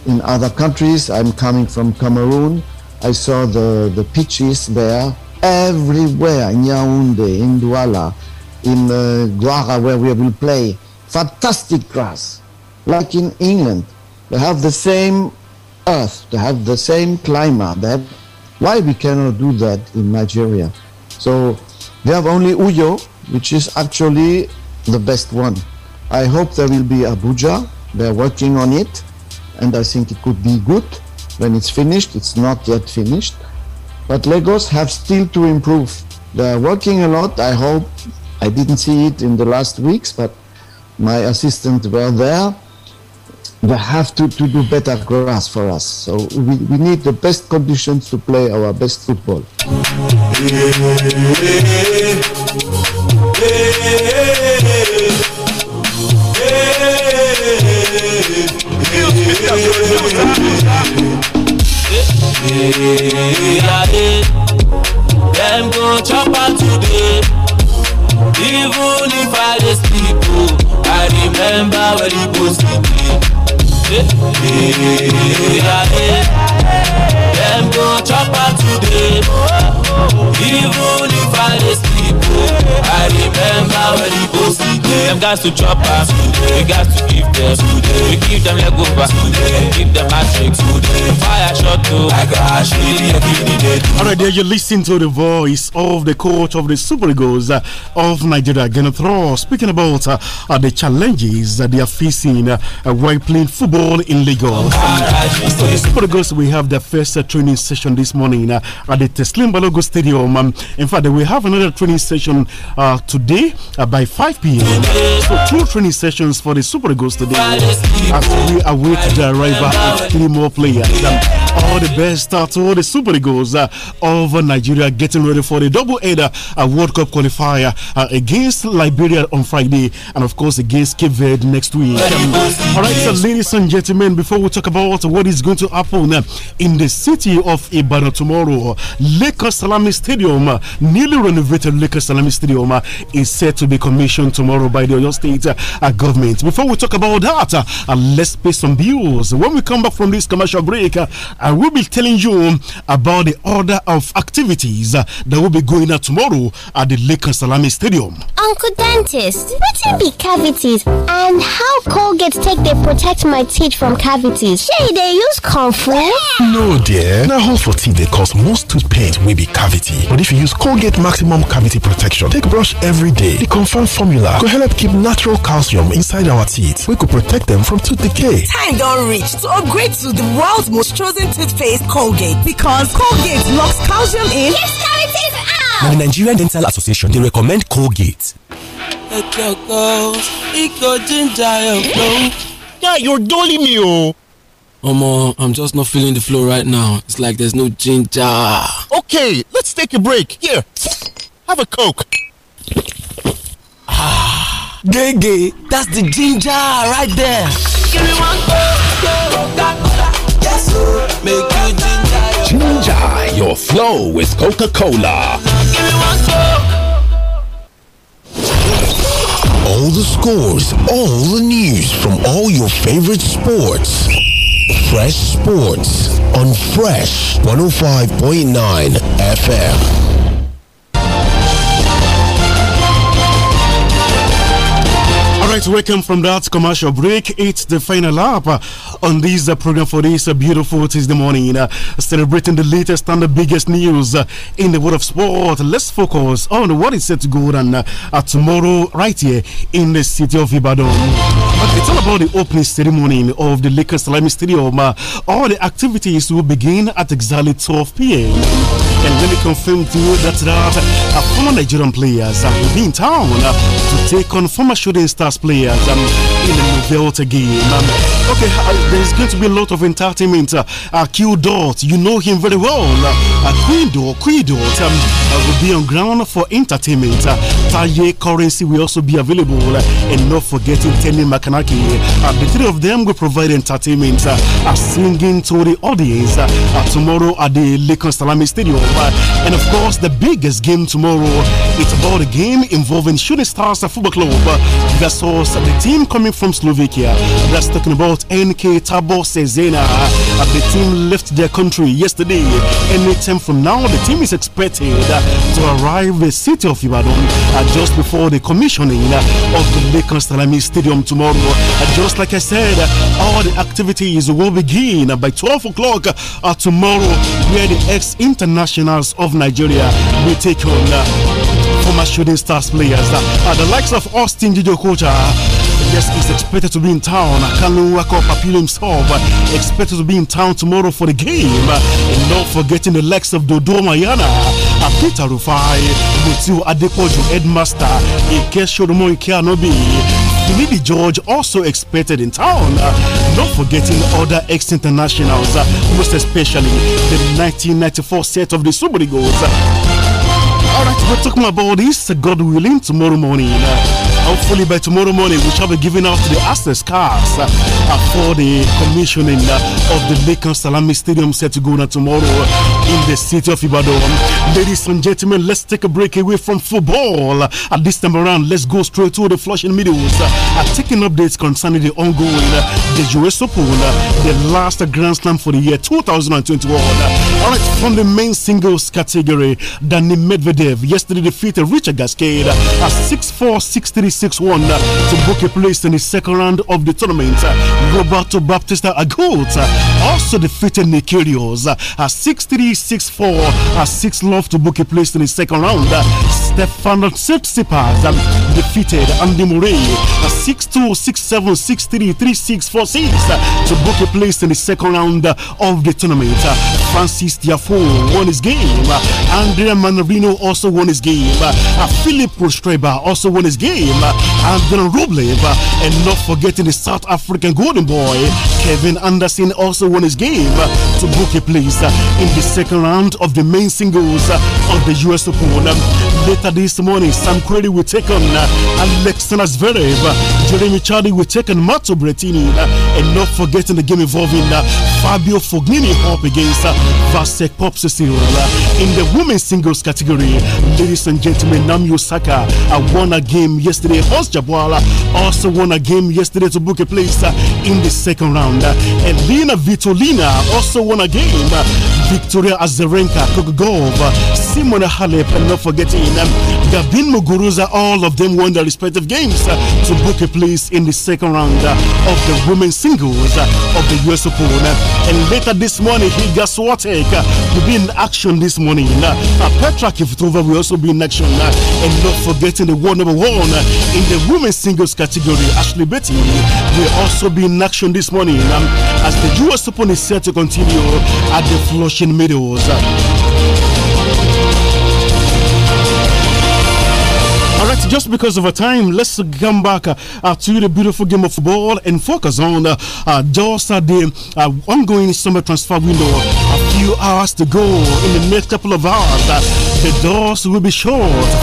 in other countries. I'm coming from Cameroon I saw the, the peaches there everywhere in Yaoundé, in Douala, in uh, Guara where we will play. Fantastic grass, like in England. They have the same earth, they have the same climate. That why we cannot do that in Nigeria? So we have only Uyo, which is actually the best one. I hope there will be Abuja. They're working on it, and I think it could be good when it's finished. It's not yet finished, but Legos have still to improve. They're working a lot. I hope I didn't see it in the last weeks, but my assistants were there. They have to, to do better grass for us. So we, we need the best conditions to play our best football. Hey, hey, Dem go chop am today. Even if I dey sleep, oh, I remember where the ghost dey. Hey, hey, Dem go chop am today oh. Even if I dey sleep, oh. I remember when you go sleep. Eh. Them guys to chop us, we got to give them. We give them leg over, give them matrix. Fire shot to, I got the Alright, there you listen to the voice of the coach of the Super Eagles uh, of Nigeria, Kenneth speaking about uh, uh, the challenges that they are facing uh, while playing football in Lagos. Oh, so the Super Eagles, we have their first training session this morning uh, at the Teslim Balogo Stadium. Stadium. Um, in fact, we have another training session uh, today uh, by 5 p.m. So, two training sessions for the Super Eagles today as we await the arrival of three more players. Um, all the best start to all the Super goals uh, of Nigeria getting ready for the double header uh, World Cup qualifier uh, against Liberia on Friday and, of course, against Cape Verde next week. Um, all right, so ladies and gentlemen, before we talk about what is going to happen uh, in the city of Ibadan tomorrow, uh, Lakers Salami Stadium, uh, newly renovated Lakers Salami Stadium, is set to be commissioned tomorrow by the Oyo State government. Before we talk about that, let's pay some bills. When we come back from this commercial break, I will be telling you about the order of activities that will be going on tomorrow at the Lake Salami Stadium. Uncle Dentist, what be cavities and how Colgate take they protect my teeth from cavities? Say they use comfort? No, dear. Now, hold for teeth, they cause most tooth pain will be cavity. But if you use Colgate Maximum Cavity Protection, take brush every day. The confirmed formula could help keep natural calcium inside our teeth. We could protect them from tooth decay. Time don't reach to upgrade to the world's most chosen toothpaste Colgate because Colgate locks calcium in. Keeps cavities out. Now, the Nigerian Dental Association, they recommend Colgate. Yeah, you're dolly me, oh. Omo, I'm just not feeling the flow right now. It's like there's no ginger. Okay, let's take a break. Here, have a Coke. Ah, Gege, that's the ginger right there. So make you ginger. Ginger, your flow is Coca Cola. Give me one All the scores, all the news from all your favorite sports. Fresh Sports on Fresh 105.9 FM. Right, welcome from that commercial break. It's the final lap uh, on this uh, program for this uh, beautiful Tuesday morning, uh, celebrating the latest and the biggest news uh, in the world of sport. Let's focus on what is set to go on tomorrow, right here in the city of Ibadan. it's all about the opening ceremony of the Lakers Salami Stadium. all the activities will begin at exactly 12 p.m. And let me confirm to you that, that former Nigerian players will be in town to take on former shooting stars players um, in the Velta game. Um, okay, uh, there's going to be a lot of entertainment. Uh, Q Dot, you know him very well. Uh, Queen Dot, Queen Dot um, uh, will be on ground for entertainment. Uh, Taye Currency will also be available. Uh, and not forgetting Tenny Makanaki. Uh, the three of them will provide entertainment uh, singing to the audience uh, tomorrow at the Lakers Salami Stadium. and of course, the biggest game tomorrow, it's about a game involving Shooting Stars Football Club. Uh, that's all course, the team coming from Slovakia, that's talking about NK Tabo Cesena. The team left their country yesterday. Anytime from now, the team is expected to arrive the city of Ibadan uh, just before the commissioning uh, of the Lakers Salami Stadium tomorrow. Uh, just like I said, all the activities will begin by 12 o'clock tomorrow, where the ex internationals of Nigeria will take on former shooting stars players. Uh, the likes of Austin Jijokocha. Uh, yes, he's expected to be in town. Uh, Kalu Wako Papil himself uh, expected to be in town tomorrow for the game. Uh, and not forgetting the likes of Dodo Mayana. Peter Rufai, Mutiu Adepoju, Headmaster, Ikesho Rumo Ikeanobi, Lady George also expected in town. Uh, not forgetting other ex internationals, uh, most especially the 1994 set of the Super Eagles. Uh, all right, we're talking about this, God willing, tomorrow morning. Hopefully by tomorrow morning we shall be giving out the access cards uh, for the commissioning uh, of the Lincoln Salami Stadium set to go on tomorrow in the city of Ibadan. Ladies and gentlemen, let's take a break away from football. At this time around, let's go straight to the Flushing Meadows. Uh, taking updates concerning the ongoing uh, the US Open, uh, the last Grand Slam for the year 2021. all right, from the main singles category, Danny Medvedev yesterday defeated Richard Gasquet uh, at 6 4 6 3 6 1 uh, to book a place in the second round of the tournament. Uh, Roberto Baptista Agut uh, also defeated Nikirios at 6 3 6 4 at 6 love to book a place in the second round. Stefano Tsitsipas um, defeated Andy Murray at 6 2 6 7 6 3 3 6 6 to book a place in the second round of the tournament. Francis Diafo won his game. Andrea Manarino also won his game. Philip Rostreba also won his game. Andrew Rublev, uh, and not forgetting the South African golden boy, Kevin Anderson, also won his game uh, to book a place uh, in the second round of the main singles of the US Open. Um, Later this morning, Sam Query will take on uh, Alexander Zverev. Jeremy Charlie will take on Matteo Bretini. Uh, and not forgetting the game involving uh, Fabio Fognini up against uh, Vasek Popsisil. Uh, in the women's singles category, ladies and gentlemen, Naomi Osaka won a game yesterday. Horst Jabwala also won a game yesterday to book a place in the second round. Elena Vitolina also won a game. Victoria Azarenka, Kokogov, Simona Halep, and not forgetting um, Gavin Muguruza, all of them won their respective games uh, to book a place in the second round uh, of the women's singles uh, of the US Open. and later this morning, Higa Swatek uh, will be in action this morning. Uh, Petra Kvitova will also be in action. Uh, and not forgetting the world number one in the women's singles category, Ashley Betty will also be in action this morning um, as the US Open is set to continue at the Flushing Meadows. just because of a time, let's come back uh, to the beautiful game of football and focus on uh, uh, just uh, the uh, ongoing summer transfer window. A few hours to go in the next couple of hours. Uh, the doors will be shut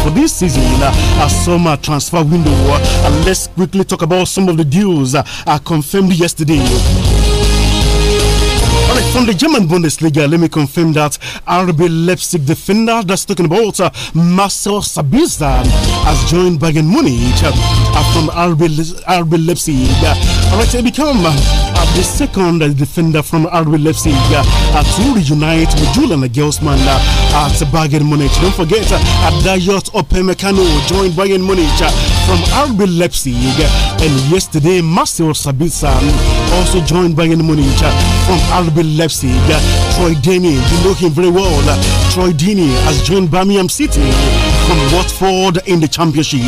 for this season, uh, summer transfer window. Uh, let's quickly talk about some of the deals uh, confirmed yesterday. All right, from the German Bundesliga, let me confirm that RB Leipzig defender that's talking about uh, Marcel Sabitzer has joined Bayern Munich uh, from RB, RB Leipzig. Uh, all right, he become uh, the second uh, defender from RB Leipzig uh, to reunite with Julian Gelsman uh, at Bayern Munich. Don't forget, uh, Dayot Opemekano joined Bayern Munich uh, from RB Leipzig. Uh, and yesterday, Marcel Sabitzer also joined Bayern Munich from RB Leipzig. Troy Deeney, you know him very well. Troy Deeney has joined Birmingham City from Watford in the Championship.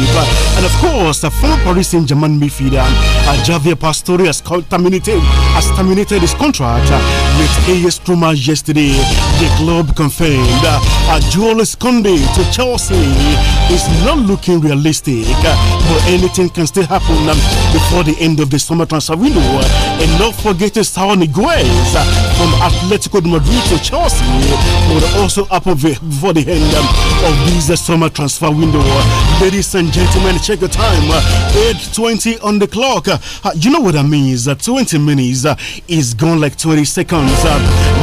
And of course, the former Paris Saint-Germain midfielder uh, Javier Pastore has terminated, has terminated his contract with AS Roma yesterday. The club confirmed uh, Joel Esconde to Chelsea is not looking realistic, but anything can still happen um, before the end of the summer transfer window. And not forgetting Sao Niguez uh, from Atletico Madrid to Chelsea would also happen before the end um, of this summer summer transfer window. Ladies and gentlemen, check the time. 8.20 on the clock. Uh, you know what that means. Uh, 20 minutes uh, is gone like 20 seconds.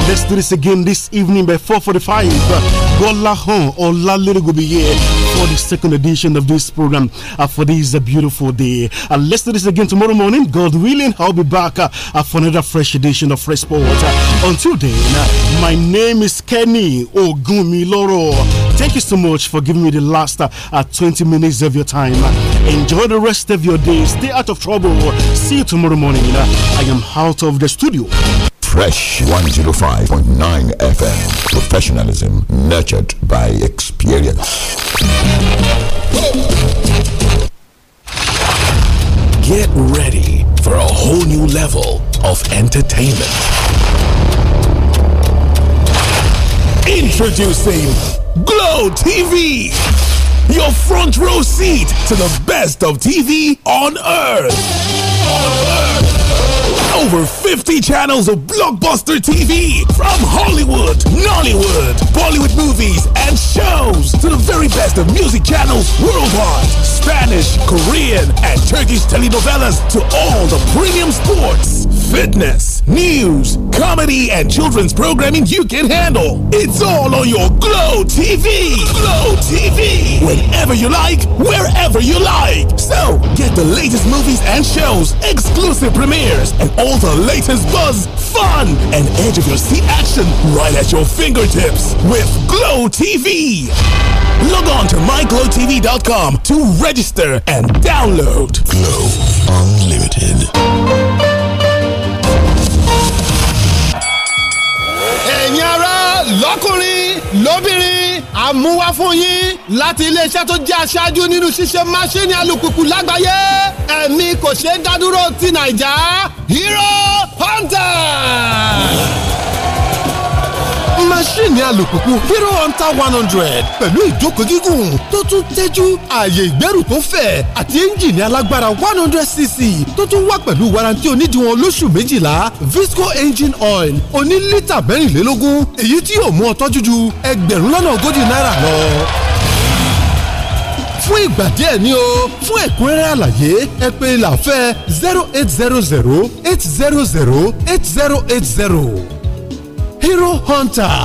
let's do this again this evening by 4.45. Bola Hon or La for the second edition of this program for this beautiful day. let's do this again tomorrow morning. God willing, I'll be back for another fresh edition of Fresh Sport. until then, my name is Kenny Ogumiloro. Thank you so much for giving me the last uh, 20 minutes of your time. Enjoy the rest of your day. Stay out of trouble. See you tomorrow morning. I am out of the studio. Fresh 105.9 FM. Professionalism nurtured by experience. Get ready for a whole new level of entertainment Introducing Glow TV, your front row seat to the best of TV on earth. On earth. Over 50 channels of blockbuster TV from Hollywood, Nollywood, Bollywood movies, and shows to the very best of music channels worldwide. Spanish, Korean, and Turkish telenovelas to all the premium sports, fitness, news, comedy, and children's programming you can handle. It's all on your Glow TV. Glow TV. Whenever you like, wherever you like. So get the latest movies and shows, exclusive premieres, and all all the latest buzz, fun, and edge of your seat action right at your fingertips with Glow TV. Log on to myglowtv.com to register and download Glow Unlimited. Enyara, lọ́kùnrin lóbìnrin àmúwá láti iléeṣẹ́ tó jẹ́ aṣáájú nínú ṣíṣe máṣíìnì alùpùpù lágbàáyé ẹ̀mí kò ṣeé dádúró ti nàìjà Hero Hunter máṣíìnì alùpùpù hero hunter one hundred pẹ̀lú ìjókòó gígùn tó tún tẹ́jú ààyè ìgbẹ́rù tó fẹ̀ àti ẹ́ńjìnì alágbára one hundred cc tó tún wá pẹ̀lú warranty onídìíwọ̀n olóṣù méjìlá visco engine oil oní lítà mẹ́rìnlélógún èyí tí yóò mú ọ tọ́jú ju ẹgbẹ̀rún lọ́nà ogójì náírà lọ fún ìgbà díẹ̀ ni o fún ẹ̀kúnrẹ́rẹ́ àlàyé ẹ pè ìlàfẹ́ zero eight zero zero eight zero zero eight zero eight zero Hero Hunter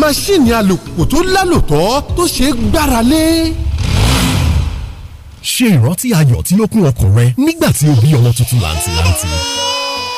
máṣíìnì alùpùpù tó lálòtọ́ tó ṣeé gbára lé ṣe ìrántí ayọ̀ tí ó kún ọkàn rẹ nígbà tí o bí ọmọ tuntun làǹtìlanti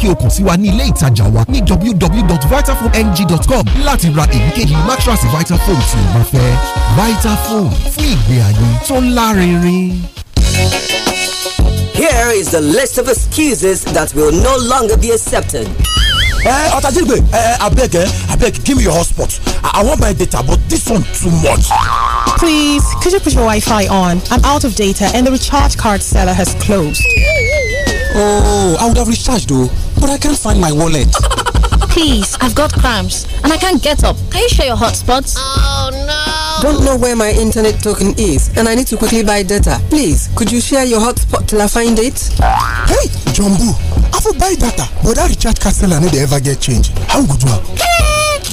kí o kàn sí wa ní ilé ìtajà wa ní www.vitafoamng.com láti ra èyíkéyìí mattress Vitafoam tí o bá fẹ́ Vitafoam fún ìgbé ayé tó lárinrin. Here is the list of excuses that will no longer be accepted. Eh, Otajigbe, eh, eh, abeg, eh, abeg, give me your hotspot. I, I want my data, but this one too much. Please, could you put your Wi-Fi on? I'm out of data and the recharge card seller has closed. Oh, I would have recharged though, but I can't find my wallet. Please, I've got cramps and I can't get up. Can you share your hotspots? Oh no! Don't know where my internet token is and I need to quickly buy data. Please, could you share your hotspot till I find it? Hey, Jumbo, I will buy data, but that recharge card seller need ever get change. How good you are?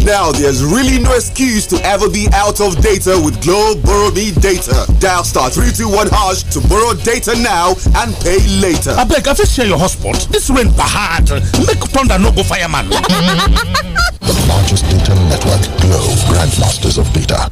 now, there's really no excuse to ever be out of data with Glow Borrow Me Data. Dial star 321 hash to borrow data now and pay later. I beg, I fit share your hotspot. This rain bahad. Make thunder no go fireman. the largest data network, Glow, grandmasters of data.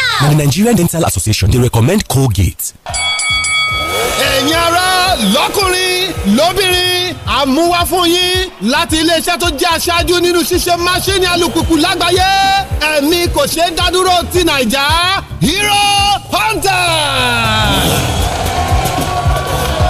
Now, the Nigerian Dental Association, they recommend Colgate. ẹ̀yin ará lọ́kùnrin lóbìnrin àmúwá fún yín láti iléeṣẹ́ tó jẹ́ aṣáájú nínú ṣíṣe máṣíìnì alùpùpù lágbàáyé ẹ̀mí kò ṣeé dádúró ti nàìjà Hero Hunter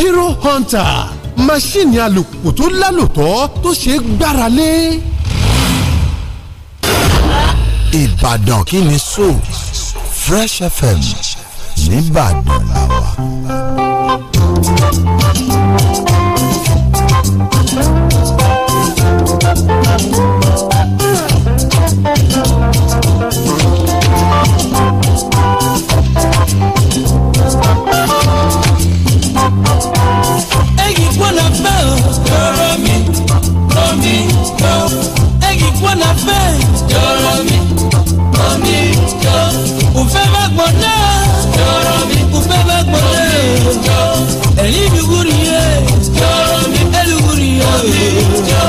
Hero Hunter máṣíìnì alùpùpù tó lálòtọ́ tó ṣeé gbára lé. Ìbàdàn kí ni so Fresh FM nìbàdàn làwà. thank you Y broker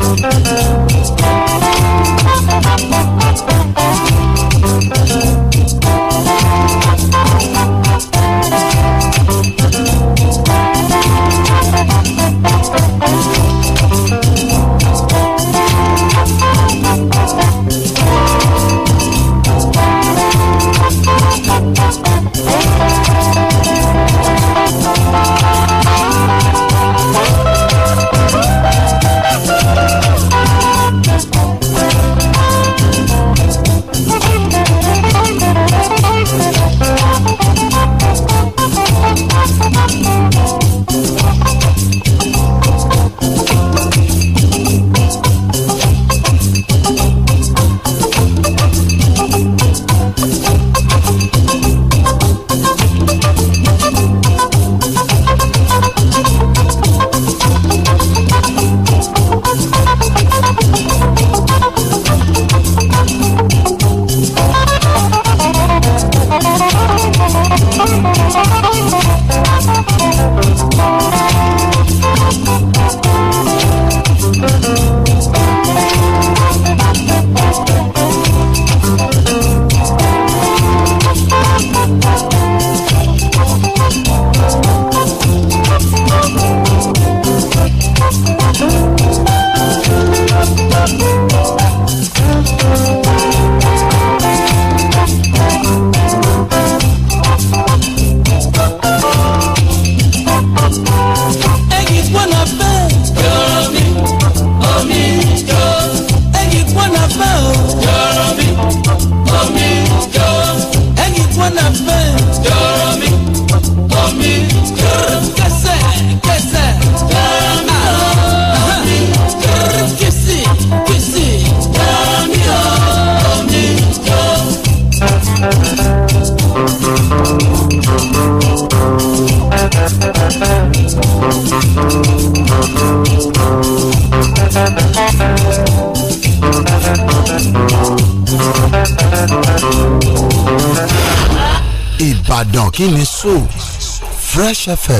Thank Sa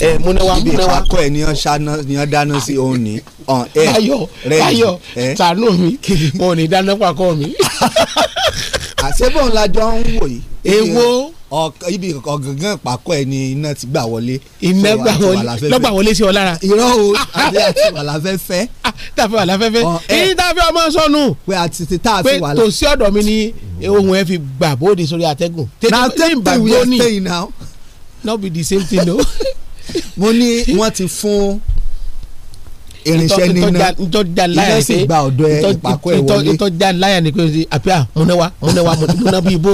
ẹ eh, mo ní wàá bí kakọ ẹ ní ọ dáná sí òun ní ọ̀n ẹ eh, Báyọ̀ Báyọ̀ eh. tànú mi wọn ò ní dáná pàkọ mi. àṣebọ̀n la jọ ń wò yìí. èwo ibi ọ̀gángan pàkọ́ ẹ̀ ni iná ti gbà wọlé. iná gbà wọlé lọ́gbà wọlé sí ọ lára. irọ́ o àti àti wà láfẹ́fẹ́. tàfi wà láfẹ́fẹ́ èyí tàfi ọmọ sọnù. pé àti ti tá a fi wà láfẹ́fẹ́. pé tòsí ọ̀dọ̀ mi ni ohun ẹ fi gbà bóde sórí atẹ́gùn. na tẹ́tẹ́ wíyà stay now. no be the same thing o. No? mo ní wọ́n ti fún irinṣẹ́ níná iná sì gba ọ̀dọ̀ ẹ ìpàkọ́ ẹ wọlé. ìtọ́jà láyà ni pé àpíà múnáwá múnáwá múná bí ibò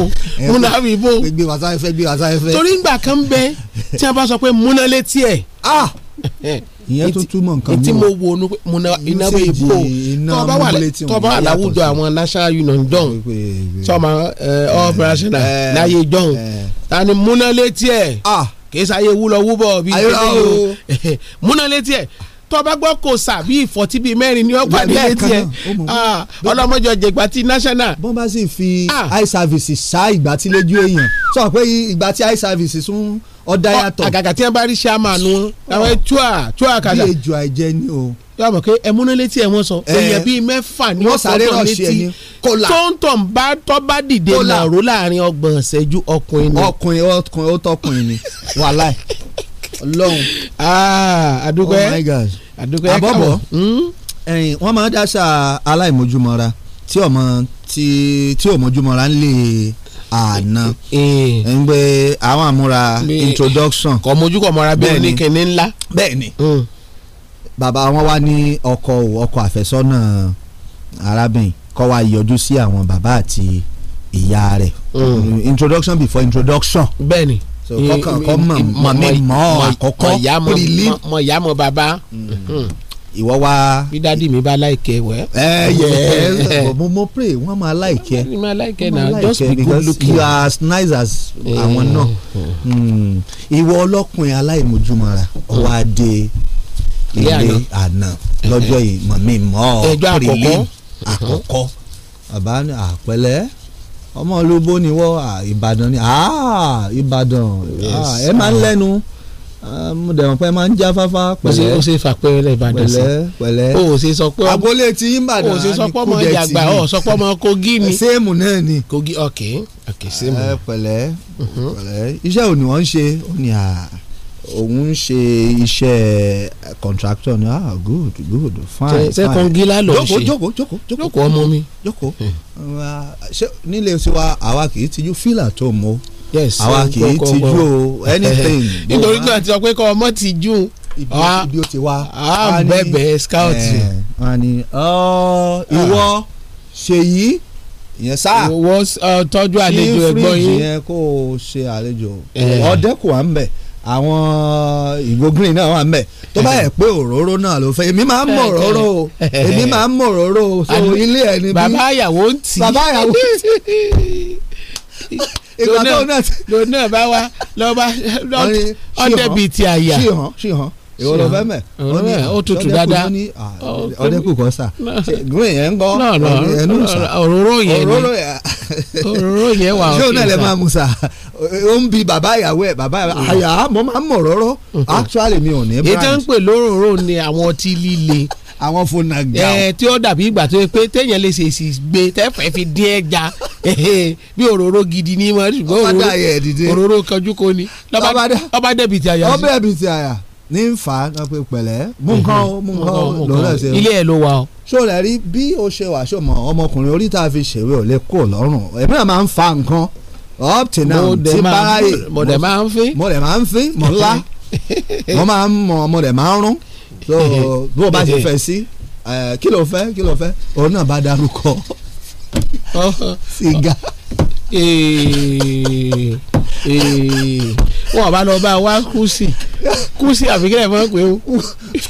múná bí ibò. gbé wàsá ẹfẹ gbé wàsá ẹfẹ. torí ngbà kan bẹ tí a bá sọ pé múná létí ẹ. Ah! ìyẹn tó túmọ̀ nǹkan mọ́. etí mo wo múná iná bí ibò tọ́ba wà láwùjọ àwọn national union john sọma eh, all eh, operational eh. láyé john ta ni múná létí ẹ. kì í sáyé wúlọ wúbọ bíi múná létí ẹ tọ́ba gbọ́ kò sà ìfọ̀tí bíi mẹ́rin ni ó pàdé létí ẹ̀ ọlọ́mọjọ jẹ̀gbà ti national. bọ́n bá sì fi ah. eye services ṣá ìgbà tí lójú èèyàn sọ pé ìgbà tí eye services ń ọ̀dà yàtọ̀. àgàgà tí wọ́n bá rí sàmà nu àwọn tíwà tíwà kàdà. bí ejò àìjẹ ni o yóò mọ̀ pé ẹmúnálétí ẹ̀ wọ́n sọ èèyàn bíi mẹ́fà ni wọ́n sáré rọ̀ṣì ẹni kọ́là tóńtọ̀n bá tọ́ba dìde nàró láàrin ọgbọ̀n ṣẹ́jú ọkùnrin ni ọkùnrin ọkùnrin ó tọkùnrin ni wàhálà ọlọ́run. àdúgbò ah, oh ẹ àbọ̀bọ̀ hmm? wọ́n máa ń dáṣà aláìmójúmọ́ra tí ọmọ tí òmójúmọ́ra ń lè àná ń eh, eh. gbé àwọn àmúra introduction. kọ́ mojú kọ́ mọ́ra bẹ́ẹ̀ ni kìnní ńlá. bẹ́ẹ̀ ni hmm. bàbá wọn wá ní ọkọ ọkọ àfẹ́sọ́nà arábìnrin kọ́ wa yọjú sí àwọn bàbá àti ìyá rẹ̀ hmm. introduction before introduction. bẹ́ẹ̀ so kọkàn kọ mọ mọ mọ mọ ìyá mọ bàbá. Mm. Hmm. ìwọ wa. bí dádì mi bá láìkẹ wẹ. Eh, ẹ yẹ mo mo pray wọn máa láìkẹ. wọn máa láìkẹ na just be good looking. you are as nice as eh. àwọn náà. Hmm. ìwọ ọlọ́kùnrin aláìmójúmọ́ra ọwọ́ adé ilé àná eh. lọ́jọ́ yìí mọ̀ mi mọ́ ọ pírílì àkọ́kọ́ bàbá àpẹẹlẹ ọmọ olóbó ni wọ́n ìbàdàn ni ìbàdàn ẹ máa ń ah. lẹ́nu mo dẹ̀mọ̀ pé ẹ máa ń já fáfá pẹ̀lẹ́. o ṣe fàpẹ́rẹ́ ìbàdàn sí pẹ̀lẹ́ o ṣe sọ pé agboolé ti ìbàdàn o ṣe sọ pé ọmọ ìjàgbá o sọ pé ọmọ kogi ni. séèmù náà ni. kogi ok ok séèmù. pẹ̀lẹ́ mhm. pẹ̀lẹ́ iṣẹ́ òní wọ́n ń ṣe ó ní àá òun ń ṣe iṣẹ́ contractor ni ah good good fine fine ṣe kọ́ngílá ló ń ṣe jókòó Joko. jókòó jókòó ọmọ mi jókòó ṣé nílé tiwa àwa kì í tijú fílà tó mọ yes àwa kì í tijú o anything. nítorí náà ti sọ pé kọ́ ọmọ ti jù ah, ibi ó ti wá a ah, bẹ̀bẹ̀ scout. Eh, wọ́n ní ah. ìwọ ṣèyí ìyẹn sáà wọ́n tọ́jú àlejò ẹ̀gbọ́n yín ṣí fíríjì yẹn kó o ṣe àlejò eh. ọ̀dẹ́kùn à ń bẹ̀ àwọn ìgò green náà wà ń bẹ̀ tó bá yẹ pé òróró náà ló fẹ́ èmi máa ń mọ̀ òróró o èmi máa ń mọ̀ òróró o so ilé ẹni bí bàbá àyàwó ń tì bàbá àyàwó ń tì ìgbà tó náà lòun náà bá wa lọ́ọ́ bá ọ̀dẹ́bìtì àyà ṣì hàn ṣì hàn ìwọ lọ fẹ́ mẹ́ ọ ní ó tutù dáadáa ah, ọdẹkù kọ sà green yẹn ń gbọ́ ẹnu sà òróró yẹn ni òróró yẹn wà ó kì í sà máa mu sà ó ń bi bàbá ìyàwó ẹ bàbá àyà mo máa ń mọ̀ rọ́rọ́ actually mi ò ní brand. ètò ń pè lóróró ni àwọn ọtí líle àwọn fonaga. ẹ tí ó dàbí ìgbà tó yẹ pé téèyàn lè ṣe èsì gbé tẹ́fẹ̀ẹ́ fi dín ẹja bí òróró gidi ní mọ́ ṣùgbọ́n òróró kanjú kò ní lọ́ba dẹ́bìtì àyà. ọba dẹ́bìtì àyà ní nfa pé pẹ̀lẹ́ mú nǹkan o mú nǹkan o lọ́nà ṣe o ilé ẹ̀ ló wà o. sọ̀rọ̀ rí bí o ṣe wà ṣọmọ ọmọkùnrin orí tá a fi ṣèwé ò lè kó lọ́rùn ẹ̀mí náà máa ń fa nǹkan up till now ti báráyè mo dẹ̀ máa ń fín mo dẹ̀ máa ń fín mo ńlá mo máa ń mọ mo dẹ̀ máa ń rún so bí o bá ṣe fẹ́ sí kí ló fẹ́ kí ló fẹ́ òun náà bá darúkọ sìgá. Eh wọn bá lọ bá wa kùsì kùsì àfikẹ́ ẹ̀ máa ń pè ó.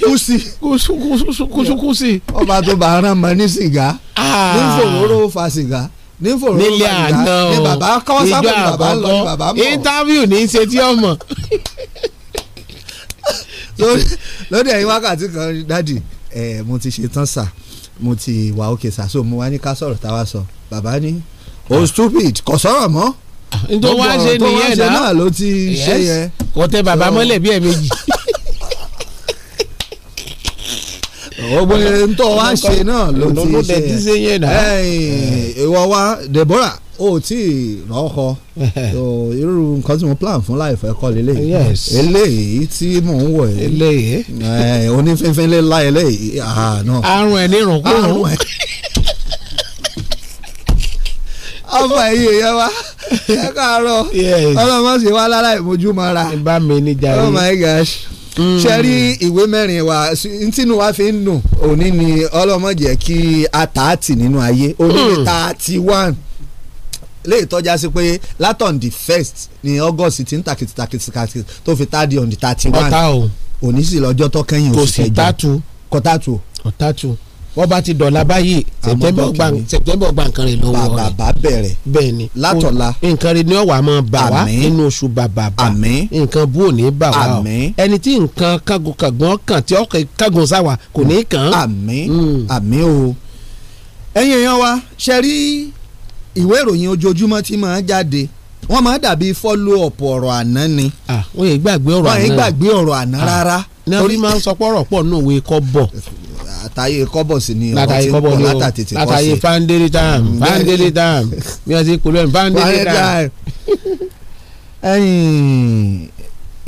kùsì kùsù kùsì. ọba tó bá rán mọ ní sìgá ah. ní fa sìgá ní fòwòrò fa sìgá ní bàbá kọ́ sábà ní bàbá lọ ní bàbá mọ̀. interview ní í ṣe lórí ẹ̀yin wákàtí kan dádì mo ti ṣe tán sà mo ti wà òkè sà so mo wá ní ká sọ̀rọ̀ tá sọ bàbá ní o stupid kò sọ̀rọ̀ mọ́ tó wá ṣe nìyẹn náà ló ti ṣe yẹn. kò tẹ bàbá mọ́lẹ̀ bí ẹ̀ méjì. ọgbọ́n yẹn tó wá ṣe náà ló ti ṣe yẹn. ìwọ wa Deborah o tí rọ́ọ̀kọ irú nǹkan tí mo plan fún láìfẹ́ kọ́ lélẹ́yìí eléyìí tí mò ń wọ̀ eléyìí onífẹ́fẹ́ lé láì eléyìí àánú. Ah, àrùn ẹ̀ ní ìrùnkúrùn ọmọ ẹ̀yìn èèyàn wa ẹ káàárọ̀ ọlọ́mọ sì wá lára ìmójúmọ́ra ọmọ ẹ̀yà ṣe rí ìwé mẹ́rin wa ntínú wa fi ń dùn òní ni ọlọ́mọ jẹ́ kí a tààtì nínú ayé òní ni mm. tààtì one lè tọ́já sí pé on the first ni august ti ń takìtì takìtì takìtì tó fi tádì on the thirty one òní sì lọ́jọ́ tó kẹ́yìn oṣù kẹjọ kò sí tátù kò tátù wọ́n bá ti dọ̀la báyìí sẹ̀tẹ́mbọ̀ gba sẹ̀tẹ́mbọ̀ gba nǹkan rẹ̀ lọ́wọ́ rẹ̀ bàbá bẹ̀rẹ̀ bẹ́ẹ̀ ni látọ̀la nǹkan rẹ̀ ni ọ̀wà máa bà wá nínú oṣù bàbà bà nǹkan bú ò ní bà wá o ẹni tí nǹkan kagunkagun kàn tí ọkọ̀ kagun sáwà kò ní kàn. Hmm. àmín o ẹ̀yin èèyàn wa ṣe rí ìwé ìròyìn ojoojúmọ́ tí máa jáde wọ́n máa dàbí follow up ọ̀rọ̀ àná ni. wọ́n yẹn gbàgbé ọ̀rọ̀ àná rárá. torí máa ń sọ pọ́rọ̀ pọ̀ nù òwe kọ́ bọ̀ àtàyè kọ́bọ̀ sí ni ọ̀rọ̀ ti ń bọ̀ látàtètè fandeli tam mm. fandeli tam bí wọ́n ti kúlọ̀ ní fandeli tam.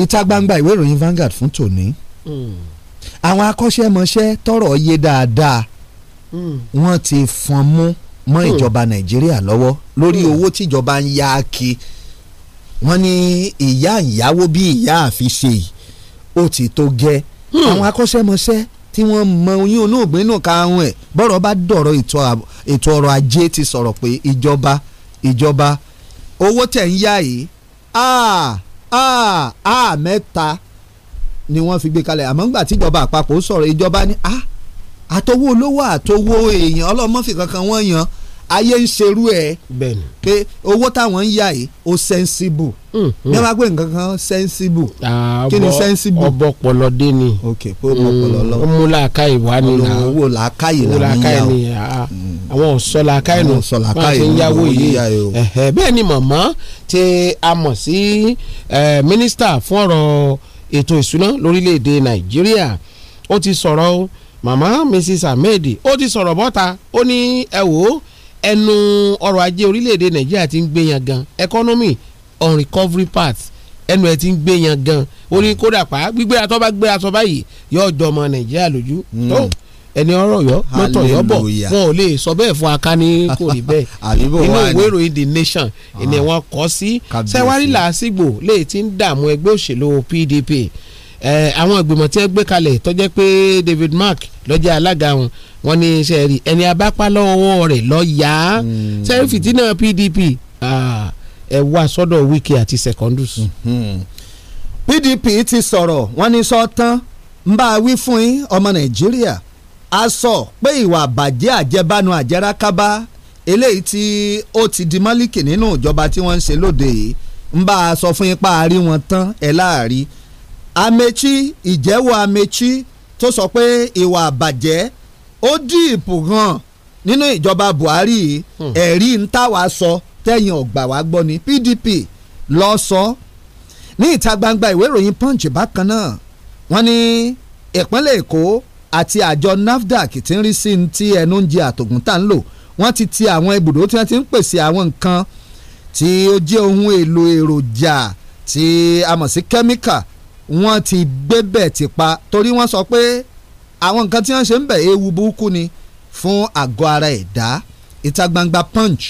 ìta gbangba ìwé ìròyìn Vanguard fún tòní hmm. àwọn akọ́ṣẹ́mọṣẹ́ tọrọ yé dáadáa hmm. wọ́n ti fọn mú mọ́ hmm. ìjọba Nàìjíríà lọ́wọ́ lórí owó tíjọba ń yá kí wọ́n ní ìyá ìyáwó bí ìyá àfi ṣe yìí ó ti tó gẹ́ àwọn akọ́ṣẹ́mọṣẹ́ tí wọ́n mọ oyún olóògbé náà karùn-ún ẹ̀ bọ́rọ̀ bá dọ̀rọ̀ ètò ọrọ̀ ajé ti sọ̀rọ̀ pé ìjọba ìjọba owó tẹ̀ ń yá yìí áà áà áà mẹ́ta ni wọ́n fi gbé kalẹ̀ àmọ́ ńgbà tíjọba àpapọ̀ sọ̀rọ̀ ìjọba ní áà àtọwọ́ olówó àtọwọ́ èèyàn ọlọ́mọ́fì kankan wọ́n yan ayé ń ṣerú ẹ pé owó táwọn ń yá yìí ó sensible ní wàá pé nǹkan kan sensible kí ni sensible. ọbọ pọlọdé ni ok pé ọbọ hmm, pọlọlọ ó mú làákàyè wá ní ìlà owó làákàyè làákàyè ni àwọn ọ̀sọ́ làákàyè nù máa ti ń yáwó yìí bẹ́ẹ̀ ni mọ̀mọ́ tí a mọ̀ sí mínísítà fún ọ̀rọ̀ ètò ìsúná lórílẹ̀‐èdè nàìjíríà ó ti sọ̀rọ̀ mama, mrs ahmed ó ti sọ̀rọ̀ bọ́ta ó ní ẹ wò ẹnu ọrọ̀ ajé orílẹ̀-èdè nàìjíríà ti ń gbéyan gan economy on recovery path ẹnu ẹ ti ń gbéyan gan ó ní kódà pa gbígbéra tó bá gbéra tó báyìí yóò jọ ọmọ nàìjíríà lójú hmm. tó ẹni ọ̀rọ̀ yọ mọtò yọ bọ wọn ò lè sọ bẹ́ẹ̀ fún aka ní kò rí bẹ́ẹ̀ inú ìwé ìròyìn the nation ah, ìní wọn kọ sí sẹwárí làásìgbò lè ti ń dààmú ẹgbẹ́ òṣèlú pdp àwọn ìgbìmọ̀ tí wọ́n gbé kalẹ̀ tó jẹ́ pé david mark ló jẹ́ alága wọn wọ́n ní sẹ́ẹ̀rì ẹni abápá lọ́wọ́ rẹ̀ lọ́ọ́ yá sẹ́ẹ̀rì hmm. fìtínà PDP ẹ̀ wá sọ́dọ̀ Wike àti Secondus. PDP hmm. ti sọ̀rọ̀ wọ́n ní sọ tán ń bá a wí fún yín ọmọ Nàìjíríà a sọ pé ìwà àbàjẹ́ àjẹbánu àjẹrákábá eléyìí tí ó ti di mọ́líkì nínú ìjọba tí wọ́n ń ṣe lóde yìí ń bá a sọ fún yín àárí wọn tán ẹ̀ láàrí Amechi ìjẹ́wọ́ Amechi tó sọ pé ìwà àbàjẹ́ ó dìpò gan nínú ìjọba Buhari hmm. ẹ̀rí ń tà wá sọ tẹ̀yìn ọ̀gbà wá gbọ́ ni PDP lọ sọ ní ìta gbangba ìwé ìròyìn Punch bákan náà wọ́n ní ìpínlẹ̀ Èkó àti àjọ NAFDAC ti ń rí sí ti ẹnu ń àtògùn tá ń lò wọ́n ti ti àwọn ibùdó tí wọ́n ti ń pèsè àwọn nǹkan tí ó jẹ́ ohun èlò èròjà tí a mọ̀ sí kẹ́míkà wọ́n ti gbébẹ̀ tì pa torí wọ́n sọ pé àwọn nǹkan tí wọ́n ṣe ń bẹ̀ ewu burúkú ni fún àgọ́ ara ẹ̀dá ìta gbangba punch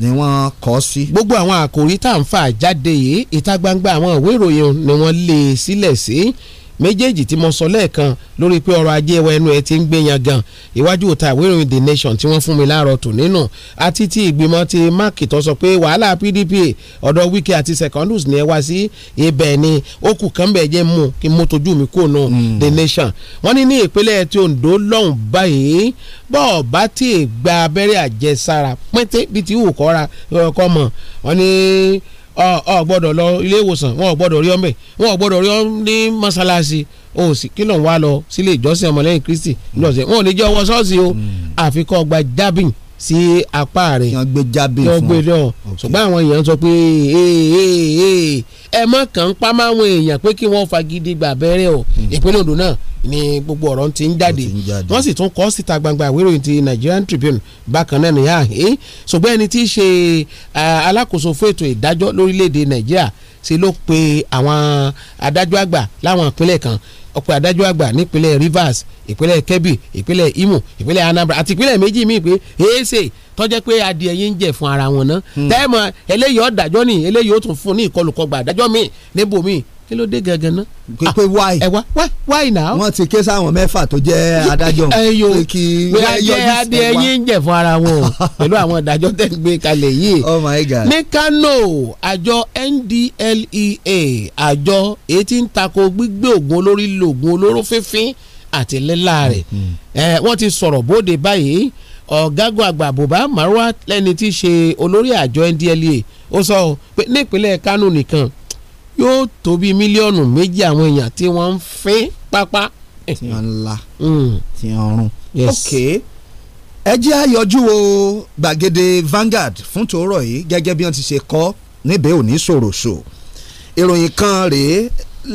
ni wọ́n kọ sí. gbogbo àwọn àkòrí tá à ń fà jáde yìí ìta gbangba àwọn ìwé ìròyìn ni wọ́n lé e sílẹ̀ sí. Si méjèèjì tí mo sọ lẹ́ẹ̀kan lórí pé ọrọ̀ ajé wa ẹnu ẹ ti ń gbéyan gan iwájú òta ìwé ìròyìn the nation tí wọ́n fún mi láàárọ̀ tò nínú àti ti ìgbìmọ̀ ti mark tó sọ pé wàhálà pdp ọ̀dọ̀ wike àti secondus ni ẹ wá sí ibẹ̀ ni ó kù kán bẹ̀ jẹ́ mú kí mo tójú mi kó nu hmm. the nation wọ́n ní ní ìpínlẹ̀ ti ondo lọ́hùn báyìí bọ́ọ̀ bá ti gba abẹ́rẹ́ àjẹsára pẹ́ńté bíi ti hù kọ́ra ọkọ mọ̀ wọ́n ní ọ gbọ́dọ̀ lọ ilé ìwòsàn wọn ò gbọ́dọ̀ rí ọmọ ẹ wọn ò gbọ́dọ̀ rí ọmọ ní mọ́ṣáláṣí o sì kí ló ń wá lọ sílé ìjọsìn ọmọlẹ́yìn Kristi lọ́sẹ̀ wọn ò ní jẹ́ ọwọ́ ṣọ́ọ̀ṣì o hmm. àfikọ́ gba jábìn sí apá rẹ̀ kí wọ́n gbé jábìn fún ọ gbé lọ ṣùgbọ́n àwọn èèyàn sọ pé ẹ mọ̀ kàn ń pa máwọn èèyàn pé kí wọ́n fagidi gbà o hmm. ìpínlẹ̀ Ondo náà ni gbogbo ọ̀rọ̀ ti ń jáde wọ́n sì tún kọ́ síta gbangba ìwé ìròyìn ti Nigerian Tribune bákan náà nìyá ẹ̀ ah, eh. ṣùgbọ́n ẹni tí í ṣe alákòóso fún ètò ìdájọ́ lórílẹ̀‐èdè Nàìjíríà ṣe ló pe àwọn adájọ́ àgbà láwọn ìpínlẹ̀ kan ọ̀pọ̀ adájọ́ àgbà nípínlẹ̀ Rivers ìpínlẹ̀ Kebbi ìpínlẹ̀ Imo ìpínlẹ̀ Anambra àti ìpínlẹ̀ méjì míì pé èèṣe tọ́jẹ́ pé adìẹ yín ń jẹ fún ara wọn Ele hmm. tẹ́ẹ̀mọ eléyìí ọ̀dàjọ́ nìyí eléyìí ó tún fún ní ìkọlùkọgbà adájọ́ míì níbòmíì kí ló dé gangan ná. pé ah, why ẹ wá why why now. wọ́n ti ké sáwọn mẹ́fà tó jẹ́ adájọ́ pé kí yọjú adé ẹyin ń jẹ fún ara wọn o pẹ̀lú àwọn ìdájọ́ tẹ̀ ń gbé kalẹ̀ yìí. oh my god. ní Kano àjọ NDLEA àjọ èyí tí ń tako gbígbé oògùn olórí lo oògùn olóró fífín àti lílá rẹ̀ mm-hmm. wọ́n ti sọ̀rọ̀ bóde báyìí ọ̀gágun àgbà bùbá Marwa lẹ́ni tí í ṣe olórí àjọ NDLEA ó sọ pé nípínlẹ̀ Kano nìkan yóò tó bíi mílíọ̀nù méjì àwọn èèyàn tí wọ́n ń fín pápá. tí wọ́n ń la mm. tí wọ́n ń rún. ok ẹ jẹ́ àyọjú wo gbàgede Vanguard fún tòórọ̀ yìí gẹ́gẹ́ bí wọ́n ti ṣe kọ́ níbẹ̀ òní ṣòroṣò ìròyìn kan rèé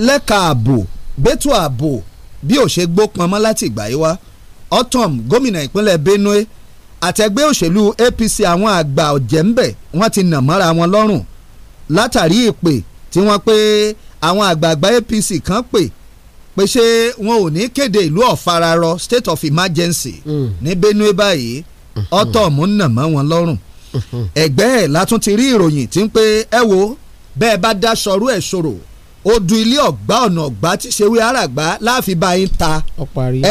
lẹ́ka ààbò gbẹ́tù ààbò bí ò ṣe gbópọn mọ́ láti ìgbà yìí wá otom gómìnà ìpínlẹ̀ Benue àtẹgbẹ́ òṣèlú APC àwọn àgbà ọ̀jẹ̀ńbẹ̀ wọ́n ti nà mọ́ra wọn lọ́rùn látàrí ìpè tí wọ́n pé àwọn àgbààgbà APC kan pè pé ṣé wọn ò ní kéde ìlú ọ̀fararọ state of emergency mm. ní Benue báyìí hmm. ọ̀tọ̀ mú nà mọ́ wọn lọ́rùn hmm. ẹ̀gbẹ́ ẹ̀ látún ti rí ìròyìn tí ń pé ẹ wo bẹ́ẹ̀ bá dá sọrú ẹ̀ ṣòro odù ilé ọ̀gbá ọ̀nà ọ̀gbá tí ṣe wí àràgbá láàfin bá yín ta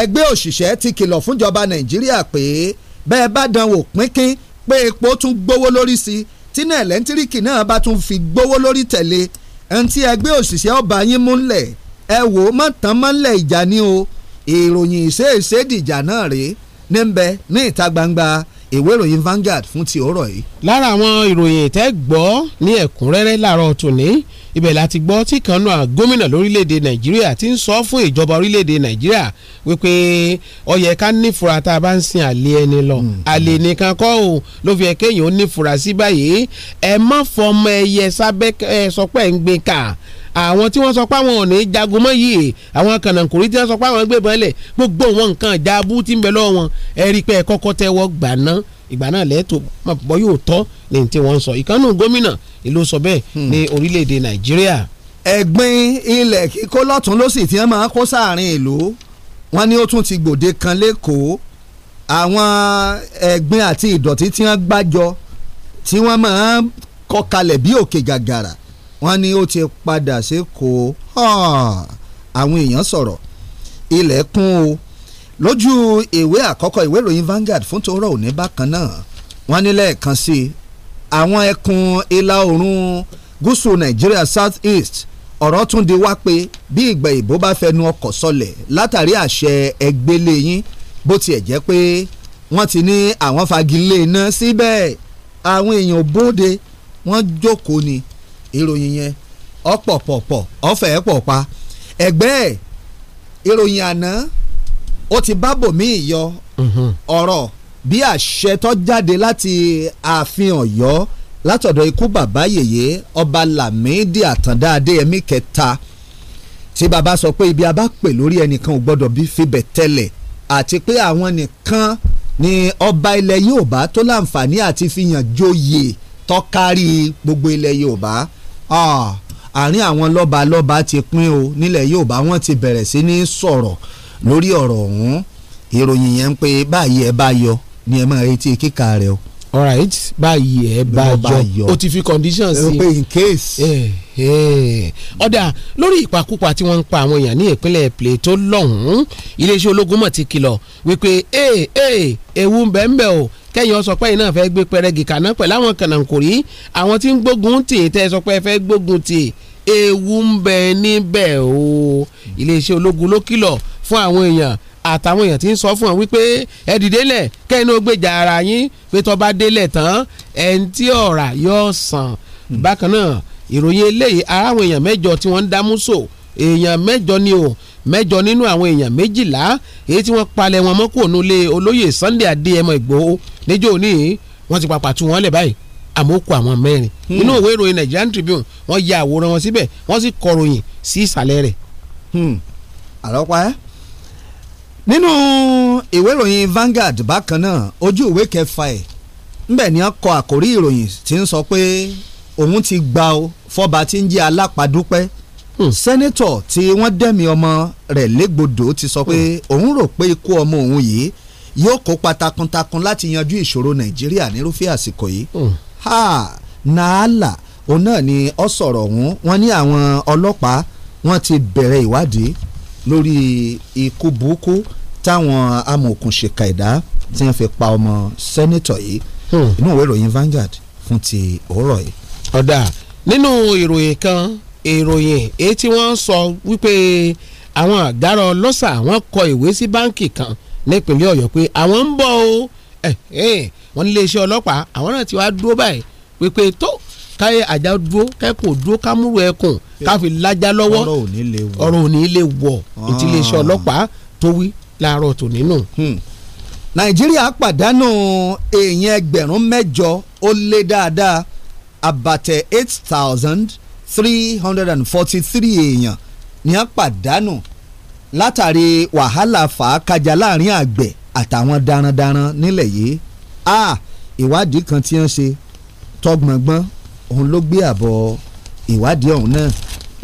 ẹgbẹ́ òṣìṣẹ́ ti kìlọ̀ fúnjọba nàìjíríà pé bẹ́ẹ̀ bá dán wò pé epo tún gbówó lórí sí tí náà ẹ̀lẹ́ntíríkì náà bá tún fi gbówó lórí tẹ̀lé ẹ̀ǹtí ẹgbẹ́ òṣìṣẹ́ ọba yín múlẹ̀ ẹ wò ó mọ̀tán mọ́lẹ̀ ìjà ni o ìròyìn ìṣeéṣe dìjà náà rèé ní ń bẹ ní ìta gbangba ìwé ìròyìn Vanguard fún ti òórọ̀ yìí. lára àwọn ìròyìn tẹ́ gbọ́ ní ẹ̀kúnrẹ́rẹ́ làárọ̀ tòní ibẹ̀ láti gbọ́ tí kanu gómìnà lórílẹ̀‐èdè nàìjíríà ti ń sọ fún ìjọba orílẹ̀‐èdè nàìjíríà wípé ó yẹ ká nífura tá a bá ń sin àlè ẹni lọ hmm. àlè nìkan kọ́ ò ló fi ẹ̀kẹ́yìn ó nífura sí báyìí ẹ má fọmọ ẹyẹ sábẹ́ ẹ ń gbin ká àwọn tí wọ́n sọ pé àwọn ò ní jagun mọ́ yìí àwọn kànáńkùnrin tí wọ́n sọ pé àwọn gbébọn lẹ̀ gbogbo wọn nǹkan ìjà abú tí ń bẹ lọ́wọ́ wọn ẹ rí i pé ẹ kọ́kọ́ tẹ́wọ́ gbà náà ìgbà náà lẹ́tọ̀ bọ́ yóò tọ́ ní tí wọ́n sọ ìkànnù gómìnà ìlú sọ bẹ́ẹ̀ hmm. ní orílẹ̀-èdè nàìjíríà. ẹ̀gbin ilẹ̀ kíkó lọ́tún ló sì ti máa kó sáàrin ìlú wọn ni ó tún ti gbòde kan lẹ́kọ̀ọ́ àwọn ẹ̀gbin àti ìdọ̀tí tí wọ́n gbájọ tí wọ́n máa kọ kalẹ̀ bí òkè gàgàrà wọ́n ní ó ti padà sékòó àwọn èèyàn sọ̀rọ̀ ilẹ̀ kún o lójú ìwé àkọ́kọ́ ìwé ìròyìn Vanguard fún tòórọ́ òní bákan náà wọ́n ní lẹ́ẹ̀kan sí i àwọn ẹkùn ìlà oòrùn gúúsù Nàìjíríà South East ọ̀rọ̀ tún di wá pé bí ìgbà ìbò bá fẹnu ọkọ̀ sọlẹ̀ látàrí àṣẹ ẹgbẹ́lẹ́yìn bó tiẹ̀ jẹ́ pé wọ́n ti ní àwọn fagilé iná síbẹ̀ àwọn èèyàn bóde wọ́n jókòó ni ìròyìn yẹn ọ̀pọ̀pọ̀pọ̀ ọ̀fẹ́ pọ̀ pa ẹ̀gbẹ́ ẹ̀ ìròyìn àná ó ti bá bòmíì yọ mhm. ọ̀rọ̀ bí àṣẹ tó jáde láti ààfin Ọ̀yọ́ látọ̀dọ̀ ikú bàbá yèyé ọba Lámìdí Àtàndá Adéyẹmí kẹta tí bàbá sọ pé ibi a bá pè lórí ẹnìkan ò gbọ́dọ̀ bí fibẹ̀ tẹ́lẹ̀ àti pé àwọn nìkan ni ọba ilẹ̀ Yorùbá tó láǹfààní àti fi yàn joyè tó kárí gbogbo ilẹ̀ Yorùbá àárín àwọn lọ́ba lọ́ba ti pín o nílẹ̀ Yorùbá wọ́n ti bẹ̀rẹ̀ sí ní sọ̀rọ̀ lórí ọ̀rọ̀ ọ̀hún ìròyìn yẹn ń pé báyìí ẹ bá yọ ni ẹ máa retí kíkà rẹ o. alright báyìí ẹ bá yọ o ti fi condition sí i. pé in case. ọ̀dà lórí ìpakúpa tí wọ́n ń pa àwọn èèyàn ní ìpínlẹ̀ Plateau lọ́hùn iléeṣẹ́ ológun mọ̀ ti kìlọ̀ wípé ewu ń bẹ ń bẹ o kẹ́yìn ọ̀sọ̀ pẹ́yìn náà fẹ́ gbé pẹrẹgì kaná pẹ̀lú àwọn kànáńkòrí àwọn tí ń gbógun tì tẹ́ ẹ sọ pé ẹ fẹ́ gbógun tì ewu ń bẹ níbẹ̀ o iléeṣẹ́ ológun ló kìlọ̀ fún àwọn èèyàn àtàwọn èèyàn tí ń sọ fún ọ wípé ẹ dìde lẹ̀ kẹ́yìn ó gbèjà ara yín pé tó bá délẹ̀ tán ẹ̀ ń tí ọ̀rà yóò sàn bákan náà ìròyìn eléyìí ara àwọn èèyàn mẹ́jọ tí wọ́n ń dámú sò èèyàn mẹ́jọ ni o mẹ́jọ nínú àwọn èèyàn méjìlá èyí tí wọ́n palẹ̀ wọn mọ́ kúrò nílé olóyè Sunday Adéyẹmọ Ìgbòho níjọ́ òní wọ́n ti pàpà tú wọn lẹ̀ báyìí àmókù àwọn mẹ́rin nínú hmm. ìwé ìròyìn Nigerian Tribune wọ́n ya àwòrán wọn síbẹ̀ wọ́n sì kọ̀ròyìn sí ìsàlẹ̀ rẹ̀. Hmm. àlọ́pàá ẹ́ nínú ìwé ìròyìn Vanguard bákan náà ojú ìwé kẹfà ẹ̀ ńbẹ̀ ni wọ́n kọ àkórí ìròyìn tí ń sọ pé òun ti gbà ó fọba tí ń jẹ́ alápàdúpẹ́ Hmm. sẹ́nẹ́tọ̀ tí wọ́n dẹ́mi ọmọ rẹ̀ légbodò ti sọ pé hmm. òun rò pé ikú ọmọ òun yìí yóò kópa takuntakun láti yanjú ìṣòro nàìjíríà nírúfẹ́ àsìkò yìí hmm. ha nàálà òun náà ni ọ sọ̀rọ̀ ọ̀hún wọ́n ní àwọn ọlọ́pàá wọ́n ti bẹ̀rẹ̀ ìwádìí lórí ikú burúkú táwọn amòòkùnṣèkà ẹ̀dá tí wọ́n fi pa ọmọ sẹ́nẹ́tọ̀ yìí inú ìwé ìròyìn Vanguard fún ti òórọ̀ yìí. ọ̀dà nínú ìròyìn kan ìròyìn èyí tí wọ́n ń sọ wípé àwọn àgárọ̀ ọlọ́ṣà wọ́n kọ ìwé sí báǹkì kan nípínlẹ̀ ọ̀yọ́ pé àwọn ń bọ̀ o wọ́n ní iléeṣẹ́ ọlọ́pàá àwọn náà ti wá dúró báyìí pípé tó káyé àjà dúró kẹ́kùn dúró kámúrò ẹkùn káfi lájà lọ́wọ́ ọ̀rọ̀ ò ní lè wọ̀ ètí iléeṣẹ́ ah. ọlọ́pàá tó wí láàárọ̀ tó nínú. Hmm. nàìjíríà pàdánù èèyàn ẹgbẹ̀rún mẹ́jọ ó lé dáadáa àbàtẹ̀ eight thousand three hundred and forty three èèyàn ni wọ́n pàdánù látàrí wàhálà fàákàjà láàrin àgbẹ̀ àtàwọn darandaran nílẹ̀ yìí a ìwádìí kan tí wọ́n ṣe tọgbọ̀ngbọ́n òun ló gbé àbọ̀ ìwádìí ọ̀hún náà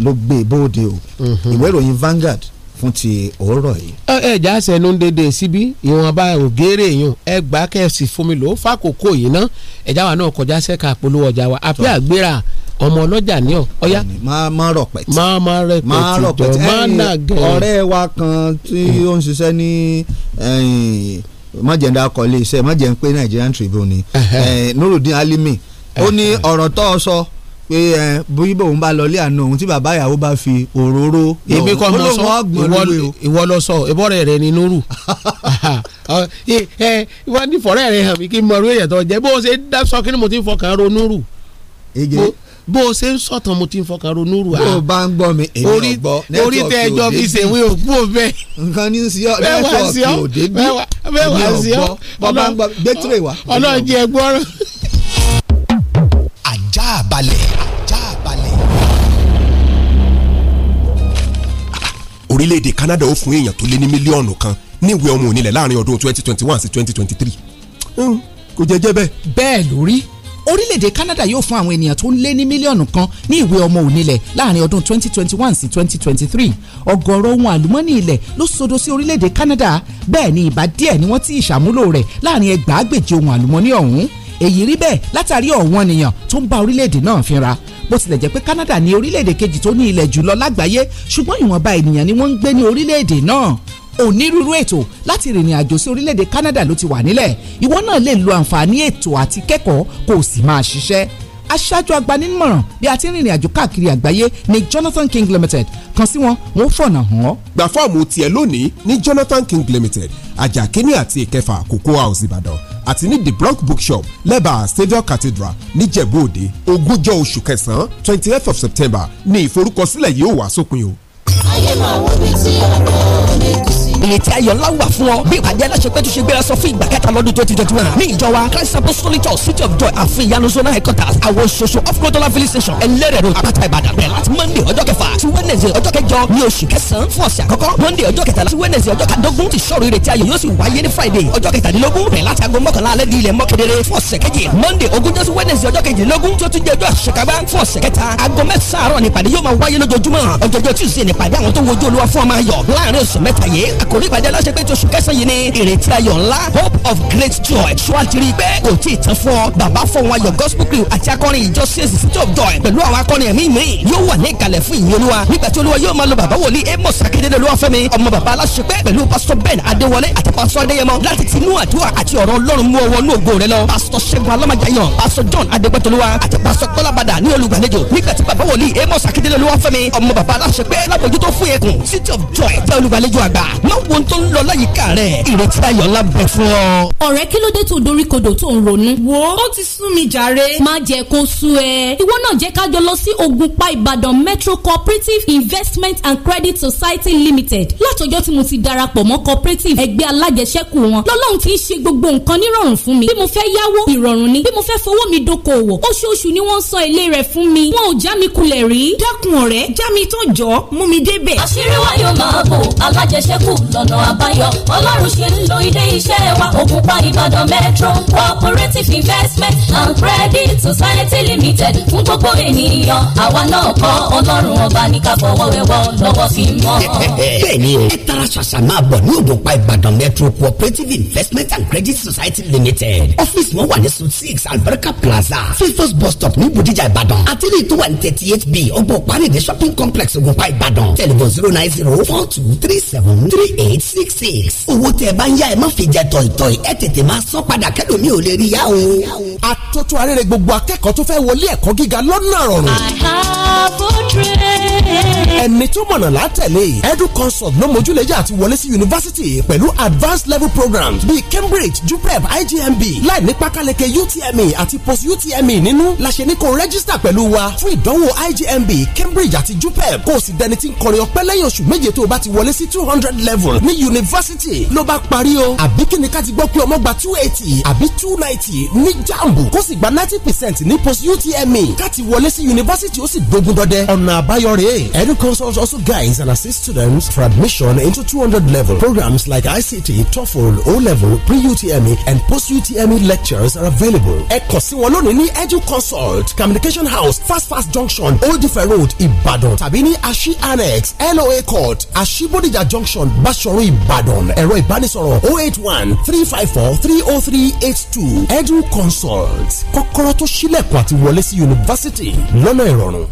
ló gbé e bóde o mhm. ìwé ìròyìn Vanguard fún ti òórọ̀ yìí. ẹ ẹ já sẹnu dédé síbí ìwọ̀nba ògèrè yìí ẹ gbà kẹsì fún mi lò ó fàkókò yìí ná ẹ̀já wa náà kọjá sẹ́ka polówó ọjà wa àbí àgbéra ọmọ ọlọ́jà ní ọ ọyá. máa máa rọpẹtì máa máa rọpẹtì máa rọpẹtì máa nà gẹ. ọ̀rẹ́ wa kan tí mm. ó ń ṣiṣẹ́ ní májèǹda kọ́lé iṣẹ́ májèǹ pé Nigerian Tribune ni Nurudeen Alimi ó ní ọ̀rọ̀ tó ọ sọ pé ẹ bí bòun bá lọ ilé àná òun tí bàbá ìyàwó bá fi òróró èmi kọ́ mo sọ ìwọ lọ sọ ìbọ̀rẹ̀ rẹ ni nuru wọ́n ní fọ̀rẹ́ rẹ hàn mí kí n mọ̀ ọ́rọ́ èèyàn tó jẹ́ bó ṣe dá sọ kí ni mo ti fọkàn ronú rù bó o ṣe ń sọ̀tàn mo ti ń fọkàn ronú rù á. bó o bá ń gbọ́ mi èmi ò gbọ́ nẹ́tíwọ̀kì òde orí tẹ ẹjọ́ fi ṣèwé òkú òbẹ́. nǹkan ní sí ọ nẹ́tíwọ̀kì òde bí èmi ò gbọ́ bó bá ń gbọ́ gbé wá. ọlọ́ọ̀jì ẹ gbọ́rọ̀. ajá balẹ̀ ajá balẹ̀. orílẹ̀-èdè Canada ó fún èèyàn tó lé ní mílíọ̀nù kan níwèé ọmọ onílẹ̀ twenty twenty one sí twenty twenty three hmm, kò jẹ́jẹ́ bẹ́ẹ̀. bẹ́ẹ̀ lórí orílẹ̀-èdè Canada yóò fún àwọn ènìyàn tó ń lé ní mílíọ̀nù kan ní ìwé ọmọ onílẹ̀ láàrin ọdún 2021 sí 2023 ọ̀gọ̀rọ̀ ohun àlùmọ́nì ilẹ̀ ló sodo sí orílẹ̀-èdè Canada bẹ́ẹ̀ ni ìbá díẹ̀ ni wọ́n ti ìṣàmúlò rẹ̀ láàrin ẹgbàágbèje ohun àlùmọ́nì ọ̀hún èyí rí bẹ́ẹ̀ látàrí ọ̀wọ́n ènìyàn tó ń bá orílẹ̀-èdè náà fínra bó tilẹ̀ jẹ́ pé Canada ni orílẹ̀-èdè kejì tó ní ilẹ̀ jùlọ lágbàáyé ṣùgbọ́n ìwọ̀nba ènìyàn ni wọ́n ń gbé ní orílẹ̀-èdè náà onírúurú ètò láti rìnrìn àjò sí orílẹ̀-èdè Canada ló ti wà nílẹ̀ ìwọ náà lè lo àǹfààní ètò àti kẹ́kọ̀ọ́ kó o sì máa ṣiṣẹ́ aṣáájú agbanímọ̀ràn bí a ti ń rìnrìn àjò káàkiri àgbáyé ní Jonathan King Limited kàn sí wọn wọn fọ̀nà hàn án. gba fọ́ọ̀mù tiẹ̀ lónìí ní Jonathan King Limited ajakini àti ìkẹfà Cocoa House Ìbàdàn àti ní the Bronx Bookshop lẹ́bàá Saviour Cathedral níjẹ̀bú-òde ogúnjọ́ oṣù kẹsàn-án twenty eight of September ní ìforúkọsílẹ̀ yìí ó wà sópin o. ayé máa wọ́n mi tí ọ̀rọ̀ mi kú ìrètí ayọ̀ ńlá wà fún ọ bí ìpàdé aláṣepẹ́ tó ṣe gbéra sọ fún ìgbà kẹta lọ́dún twenty twenty one ní ìjọ wa Christ Apostolic Church City of Joy àfin ìyanu zona headquarters àwọn ṣoṣo off kotola village station ẹlẹ́rẹ̀ road àpáta Ìbàdàn bẹ̀rẹ̀ láti Monday ọjọ́ kẹfà sí Wednesday ọjọ́ kẹjọ ní oṣù kẹsàn-án fún ọ̀sẹ̀ àkọ́kọ́ Monday ọjọ́ kẹtàlá sí Wednesday ọjọ́ kadógún ti ṣọ́ọ̀rù ìrètí ayọ̀ yóò sì wáyé ní Friday ọjọ́ kẹtàdínlógún bẹ̀rẹ̀ láti aago mọ́kànlá alẹ́ di ilẹ̀ mọ́kedere fún ọ̀sẹ̀ kejì Monday ogúnjọ́ sí Wednesday ọjọ́ kejìlélógún tó tún jẹ́ ọjọ́ àṣekágbá fún ọ̀sẹ̀ kẹta aago mẹ́sàn-án àárọ̀ nípàdé yóò máa wáyé lójoojúmọ́ ọjọ́jọ́ Tuesday nípàdé àwọn tó wojú Olúwa fún ọmọ ayọ̀ láàrin ọ̀sẹ̀ mẹ́ta yìí ak àkórí ìpàdé aláṣẹpẹ́ tó oṣù kẹsàn-án yìí ni ìrètí ayọ̀ ńlá hope of great joy ṣùwàtìrì pé kò tí ì tán fún ọ bàbá fún wọn ayọ̀ gospel crew àti akọrin ìjọ csc city of joy pẹ̀lú àwọn akọrin ẹ̀mí mi yóò wà ní ìkàlẹ̀ fún ìyìn olúwa nígbà tí olúwa yóò máa lo bàbá wòlíì amos akíndélé olúwa fẹ́mi ọmọ bàbá aláṣẹpẹ́ pẹ̀lú pastor ben adéwọlé àti pastor adéyẹmọ láti ti nú àdúrà àti ọ̀rọ̀ ọlọ́run mú ọwọ́ inú ògo rẹ lọ pastor pastor john adégbẹ́tolúwa àti pastor kọ́lábàdà ní olùgbàlejò nígbà tí bàbá wòlíì amos akíndélé olúwa fẹ́mi ọmọ bàbá aláṣẹpẹ́ lábòjútó fún ẹkùn city of joy tẹ olùgbàlejò má wo tó ń lọ láyìíká rẹ̀ ìrètí ayọ̀ ńlá bẹ fún ọ. ọ̀rẹ́ kí ló dé tó dorí kodò tó ń ronú. wo ó ti sún mi jàre. má jẹ́ kó sú ẹ ìwọ náà jẹ́ ká jọ lọ sí Ògùnpa Ìbàdàn Metro Cooperative Investment and Credit Society Limited látọjọ́ tí mo ti darapọ̀ mọ́ cooperative ẹgbẹ́ alájẹsẹ́kù wọn lọ́lọ́run ti ń ṣe gbogbo nǹkan nírọ̀rùn fún mi bí mo fẹ́ yáwó ìrọ̀rùn ni bí mo fẹ́ fowó mi dókòwò oṣooṣù ni wọ́n ń san èlé rẹ̀ fún mi wọn ò já mi kulẹ̀ rí. dákun ọ̀rẹ́ já mi tán jọ mú mi débẹ̀. àṣírí wa yóò máa bò alájẹsẹ́kù lọ́nà àbáyọ ọlọ́run ṣe ń lo ilé iṣẹ́ wa ògùnpá ìbàdàn metro cooperative investment and credit society limited fún gbogbo ènìyàn àwa náà kọ́ ọlọ́run ọba ní ká fọwọ́ wẹwọ́ lọ́wọ́ fi mọ́. bẹ́ẹ̀ni o ẹ tara ṣàṣà máa bọ̀ ní ògùnpá ìbàdàn metro cooperative investment and credit society limited ọ́fíìsì wọn wà ní suite six alberca plaza fifos bus stop ní bòdìjà ìbàdàn àtẹlẹ tó wà ní thirty eight b ọgbọ̀n parí ní shopping complex ògùnpá ìbàdàn tẹlifon zero nine zero four two three seven three eight six six. owó tẹ́ ẹ bá ń yá ẹ má fi jẹ tọ̀ìtọ̀ì ẹ tètè máa san padà kẹ́lòmí ò lè rí yá o àtótó arére gbogbo akẹ́kọ̀ọ́ tó fẹ́ wọlé ẹ̀kọ́ gíga lọ́nà rọrùn. ẹni tó mọ̀nà látẹ̀lé edu consult ló mójúlẹ̀jà àti wọlé sí yunifásitì pẹ̀lú advanced level programs bíi Cambridge JUPEB IJMB láì ní pákáleke UTME àti post UTME nínú la ṣe ní kó rẹ́gísítà pẹ̀lú wa fún ìdánwò IJMB Cambridge àti JUPEB kó o sì dẹni tí ń kọrin ọpẹ́ lẹ́yìn oṣù méje tó o bá ti wọlé sí two hundred level ní yunifásitì ló bá parí o àbí kíni ká ti gbọ́ pé ọmọ gba two eighty àbí two ninety ní jambu kó sì gba ninety percent ní post UTME káàtì wọlé sí yunifásitì ó sì gbógun dọdẹ ọ̀nà àbáyọ rèé edu consult also guides and assist students for admission into two hundred level programs like ICT TOEFL O level pre-UTME and post-UTME lectures are available ẹ kàn sí wọn lónìí ní edu consult communication house fast fast junction old ife road Ibadan. tàbí ní ashi annex LOA court ashibodija junction Bashorun Ibadan. ẹ̀rọ ìbánisọ̀rọ̀ 081 354 30382. edu consult kọ́kọ́rọ́ tó ṣílẹ̀kùn àti wọlé sí yunifásítì lọ́nà ìrọ̀rùn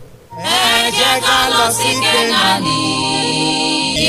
ẹ jẹ́ ká lọ sí Kénáánì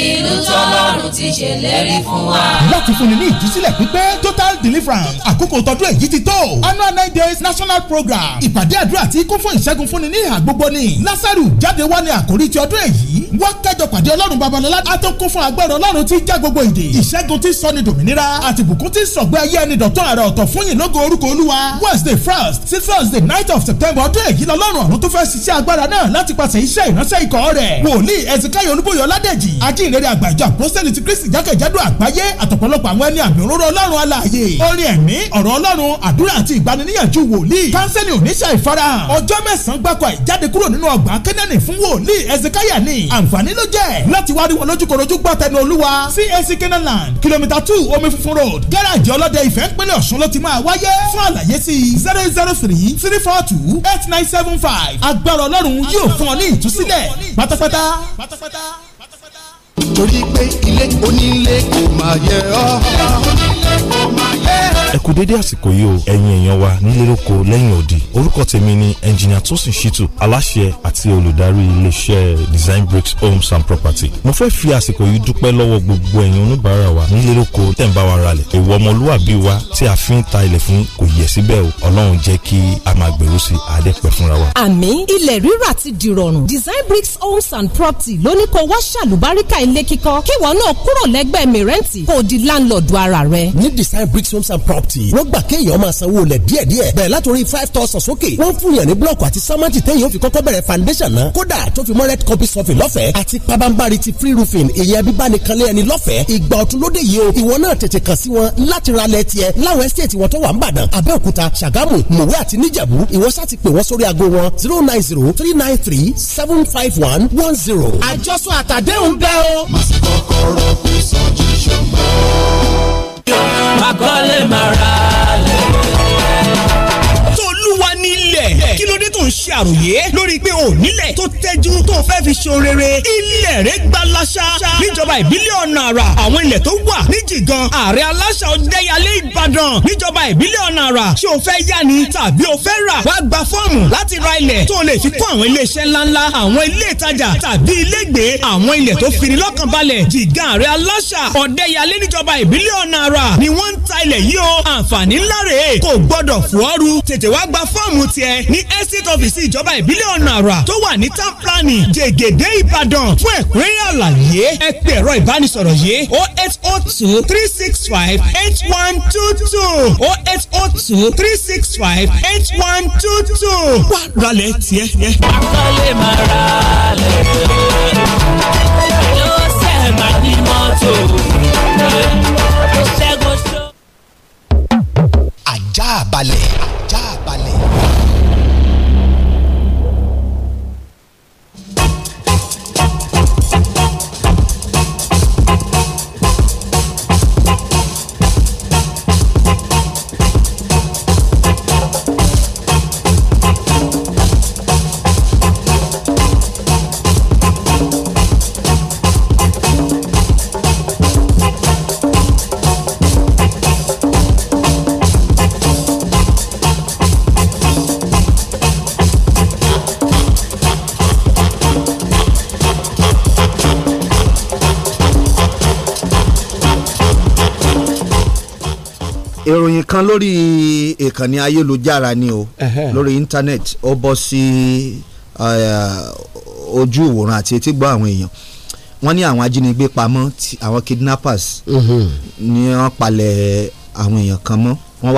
ìlú tọ́lọ́run ti ṣèlérí fún wa. láti fúnni ní ìjísílẹ̀ pípé total deliverance àkókò tọdún èyí ti tó annual nine days national program ìpàdé àdúrà tí kún fún ìṣẹ́gun fúnni ní ìhà gbogbo ni lásàrù jáde wá ní àkórí ti ọdún èyí wá kẹjọ pàdé ọlọ́run babalọ́lá a tó kún fún agbára ọlọ́run tí já gbogbo èdè ìṣẹ́gun tí sọ ni dòmìnira àti ìbùkún tí sọ̀gbẹ́ ayé ẹni dọ̀tún àrà ọ̀tọ̀ fún yìí lógo orúkọ olúwa wednesday first sí thursday night of september ọdún èyí lọ́lọ́run ọ̀run tó fẹ́ ṣiṣẹ́ agbára náà lá láti pàṣẹ iṣẹ́ ìránṣẹ́ ikọ̀ rẹ̀ wòlíì ẹ̀sìnkáyọ̀ olúbóyọ̀ ládẹ́jì ajínrere àgbàjọ àpọ́sẹ́lì ti kristi jákèjádò àgbáyé àtọ̀pọ̀lọpọ̀ àwọn ẹni àmì òróró ọlọ́run alààyè orin ẹ̀mí ọ̀rọ̀ ọlọ́run àdúrà àti ìgbaniníyànjú wòlíì kánsẹ́lì oníṣẹ́ ìfarahàn ọjọ́ mẹ́sàn-án gbáko ìjáde kúrò nínú ọgbà kẹ́nẹ́nì fún wòlíì ẹ̀sìnkáyà ni àǹfààní ló jẹ́ láti wá rí wọn lójúkorojú gbọ́ tẹnu olúwa CAC kenaland kìlómítà two omi funfun road gáràjì ọlọ́dẹ ìfẹ́ pínlẹ̀ ọ̀ṣun ló ti máa wáyé fún àlàyé sí zero zero three three four two eight nine seven five agbára ọlọ́run yóò fún ọ ní ìtúsílẹ̀ pátápátá torí pé ilé onílé kò máa yẹ ọ́. ilé onílé kò máa yẹ ẹ kú dédé àsìkò yìí o ẹ̀yin èèyàn wa nílé lóko lẹ́yìn odi orúkọ tèmi ni ẹnjìnìà Tosin Shitu aláṣẹ àti olùdarí iléeṣẹ́ Design Bricks Homes and Property mo fẹ́ fi àsìkò yìí dúpẹ́ lọ́wọ́ gbogbo ẹ̀yin oníbàárà wa nílé lóko tẹ̀ ń bá wa ralẹ̀ èwo ọmọlúwàbí wa tí a fi ń ta ilẹ̀ fún kò yẹ síbẹ̀ o ọlọ́run jẹ́ kí a máa gbèrú sí àdẹ́pẹ́ fúnra wa. àmì ilẹ̀ rírà ti Design Bricks Homes and Property lóníkọ wá ṣàlùbáríkà ilé ilé kíkọ́ kí wọn náà kúrò lẹ́gbẹ́ mìrẹ́ǹtì kó di láńlọ́ọ̀dù ara rẹ. ní design bricks homes and property wọ́n gbà kéèyàn máa sanwó lẹ̀ díẹ̀díẹ̀ bẹ̀rẹ̀ látòrí five thousand sókè wọ́n fún yàn ní blọ́ọ̀kù àti sámẹ́ǹtì téèyàn fi kọ́kọ́ bẹ̀rẹ̀ foundation náà kódà tó fi mọ́ red copy sọ́fìn lọ́fẹ̀ẹ́ àti pabambari ti free roofing ìyẹn bíbánikanlé ẹni lọ́fẹ̀ẹ́ ìgbà ọ̀tun lóde yìí o ìwọ náà tètè kàn sí wọn láti ra lẹ̀ tiẹ̀ láwọn estate wọn tó wà ń bàdàn zero nine zero three nine three seven five one one zero. àjọsọ àtàdéhùn bẹ́ẹ̀ o o. má sì kọ́kọ́rọ́ fi sọ́jí ṣọ́gbọ́n kí ló dé tó ń ṣe àròyé lórí pé o tó tẹ́jú tó fẹ́ fi ṣe rere ilé ẹ̀rẹ́ gba láṣá níjọba ìbílẹ̀ ọ̀nà àrà àwọn ilẹ̀ tó wà ní jìgan ààrẹ aláṣà ọ̀dẹ́yàlé ìbàdàn níjọba ìbílẹ̀ ọ̀nà àrà ṣé o fẹ́ yá ni tàbí o fẹ́ rà wá gba fọ́ọ̀mù láti ra ilẹ̀ tó lè fi kọ́ àwọn iléeṣẹ́ ńláńlá àwọn ilé ìtajà tàbí ilégbèé àwọn ilẹ̀ tó fini lọ́kàn balẹ̀ jìgan ààrẹ aláṣà ọ̀dẹ́yàlé níjọba ìbílẹ̀ ọ̀nà àrà ni wọ́n ń ta ilẹ̀ yìí o àǹfààní ńlá rèé kò gbọ́dọ̀ fọ́ọ̀rù tètè wá gba fọ́ọ̀mù tiẹ̀ ní estate office ìjọba ìbílẹ̀ ọ̀nà àrà tó wà ní town planning jẹ̀gẹ̀dẹ̀ ìbàdàn fún ẹ̀kúnrẹ́rẹ́ àlàyé ẹ pe ẹ̀rọ ìbánisọ̀rọ̀ yìí o oh eight o oh two three six five eight one two two o oh eight o two three six five eight one two two wà lálẹ́ tiẹ̀ yẹ. àkọlé máa ra lẹ̀ yóò ṣe máa ní mọ́tò ajá balẹ̀ ajá balẹ̀. kan lórí ìkànnì ayélujára ni o lórí internet, ó bọ́ sí eh, ojú ìwòran àti etígbọ́ àwọn èèyàn wọ́n ní àwọn ajínigbé pamọ́ àwọn kidnappers mhm. ni wọ́n palẹ̀ àwọn èèyàn kan mọ́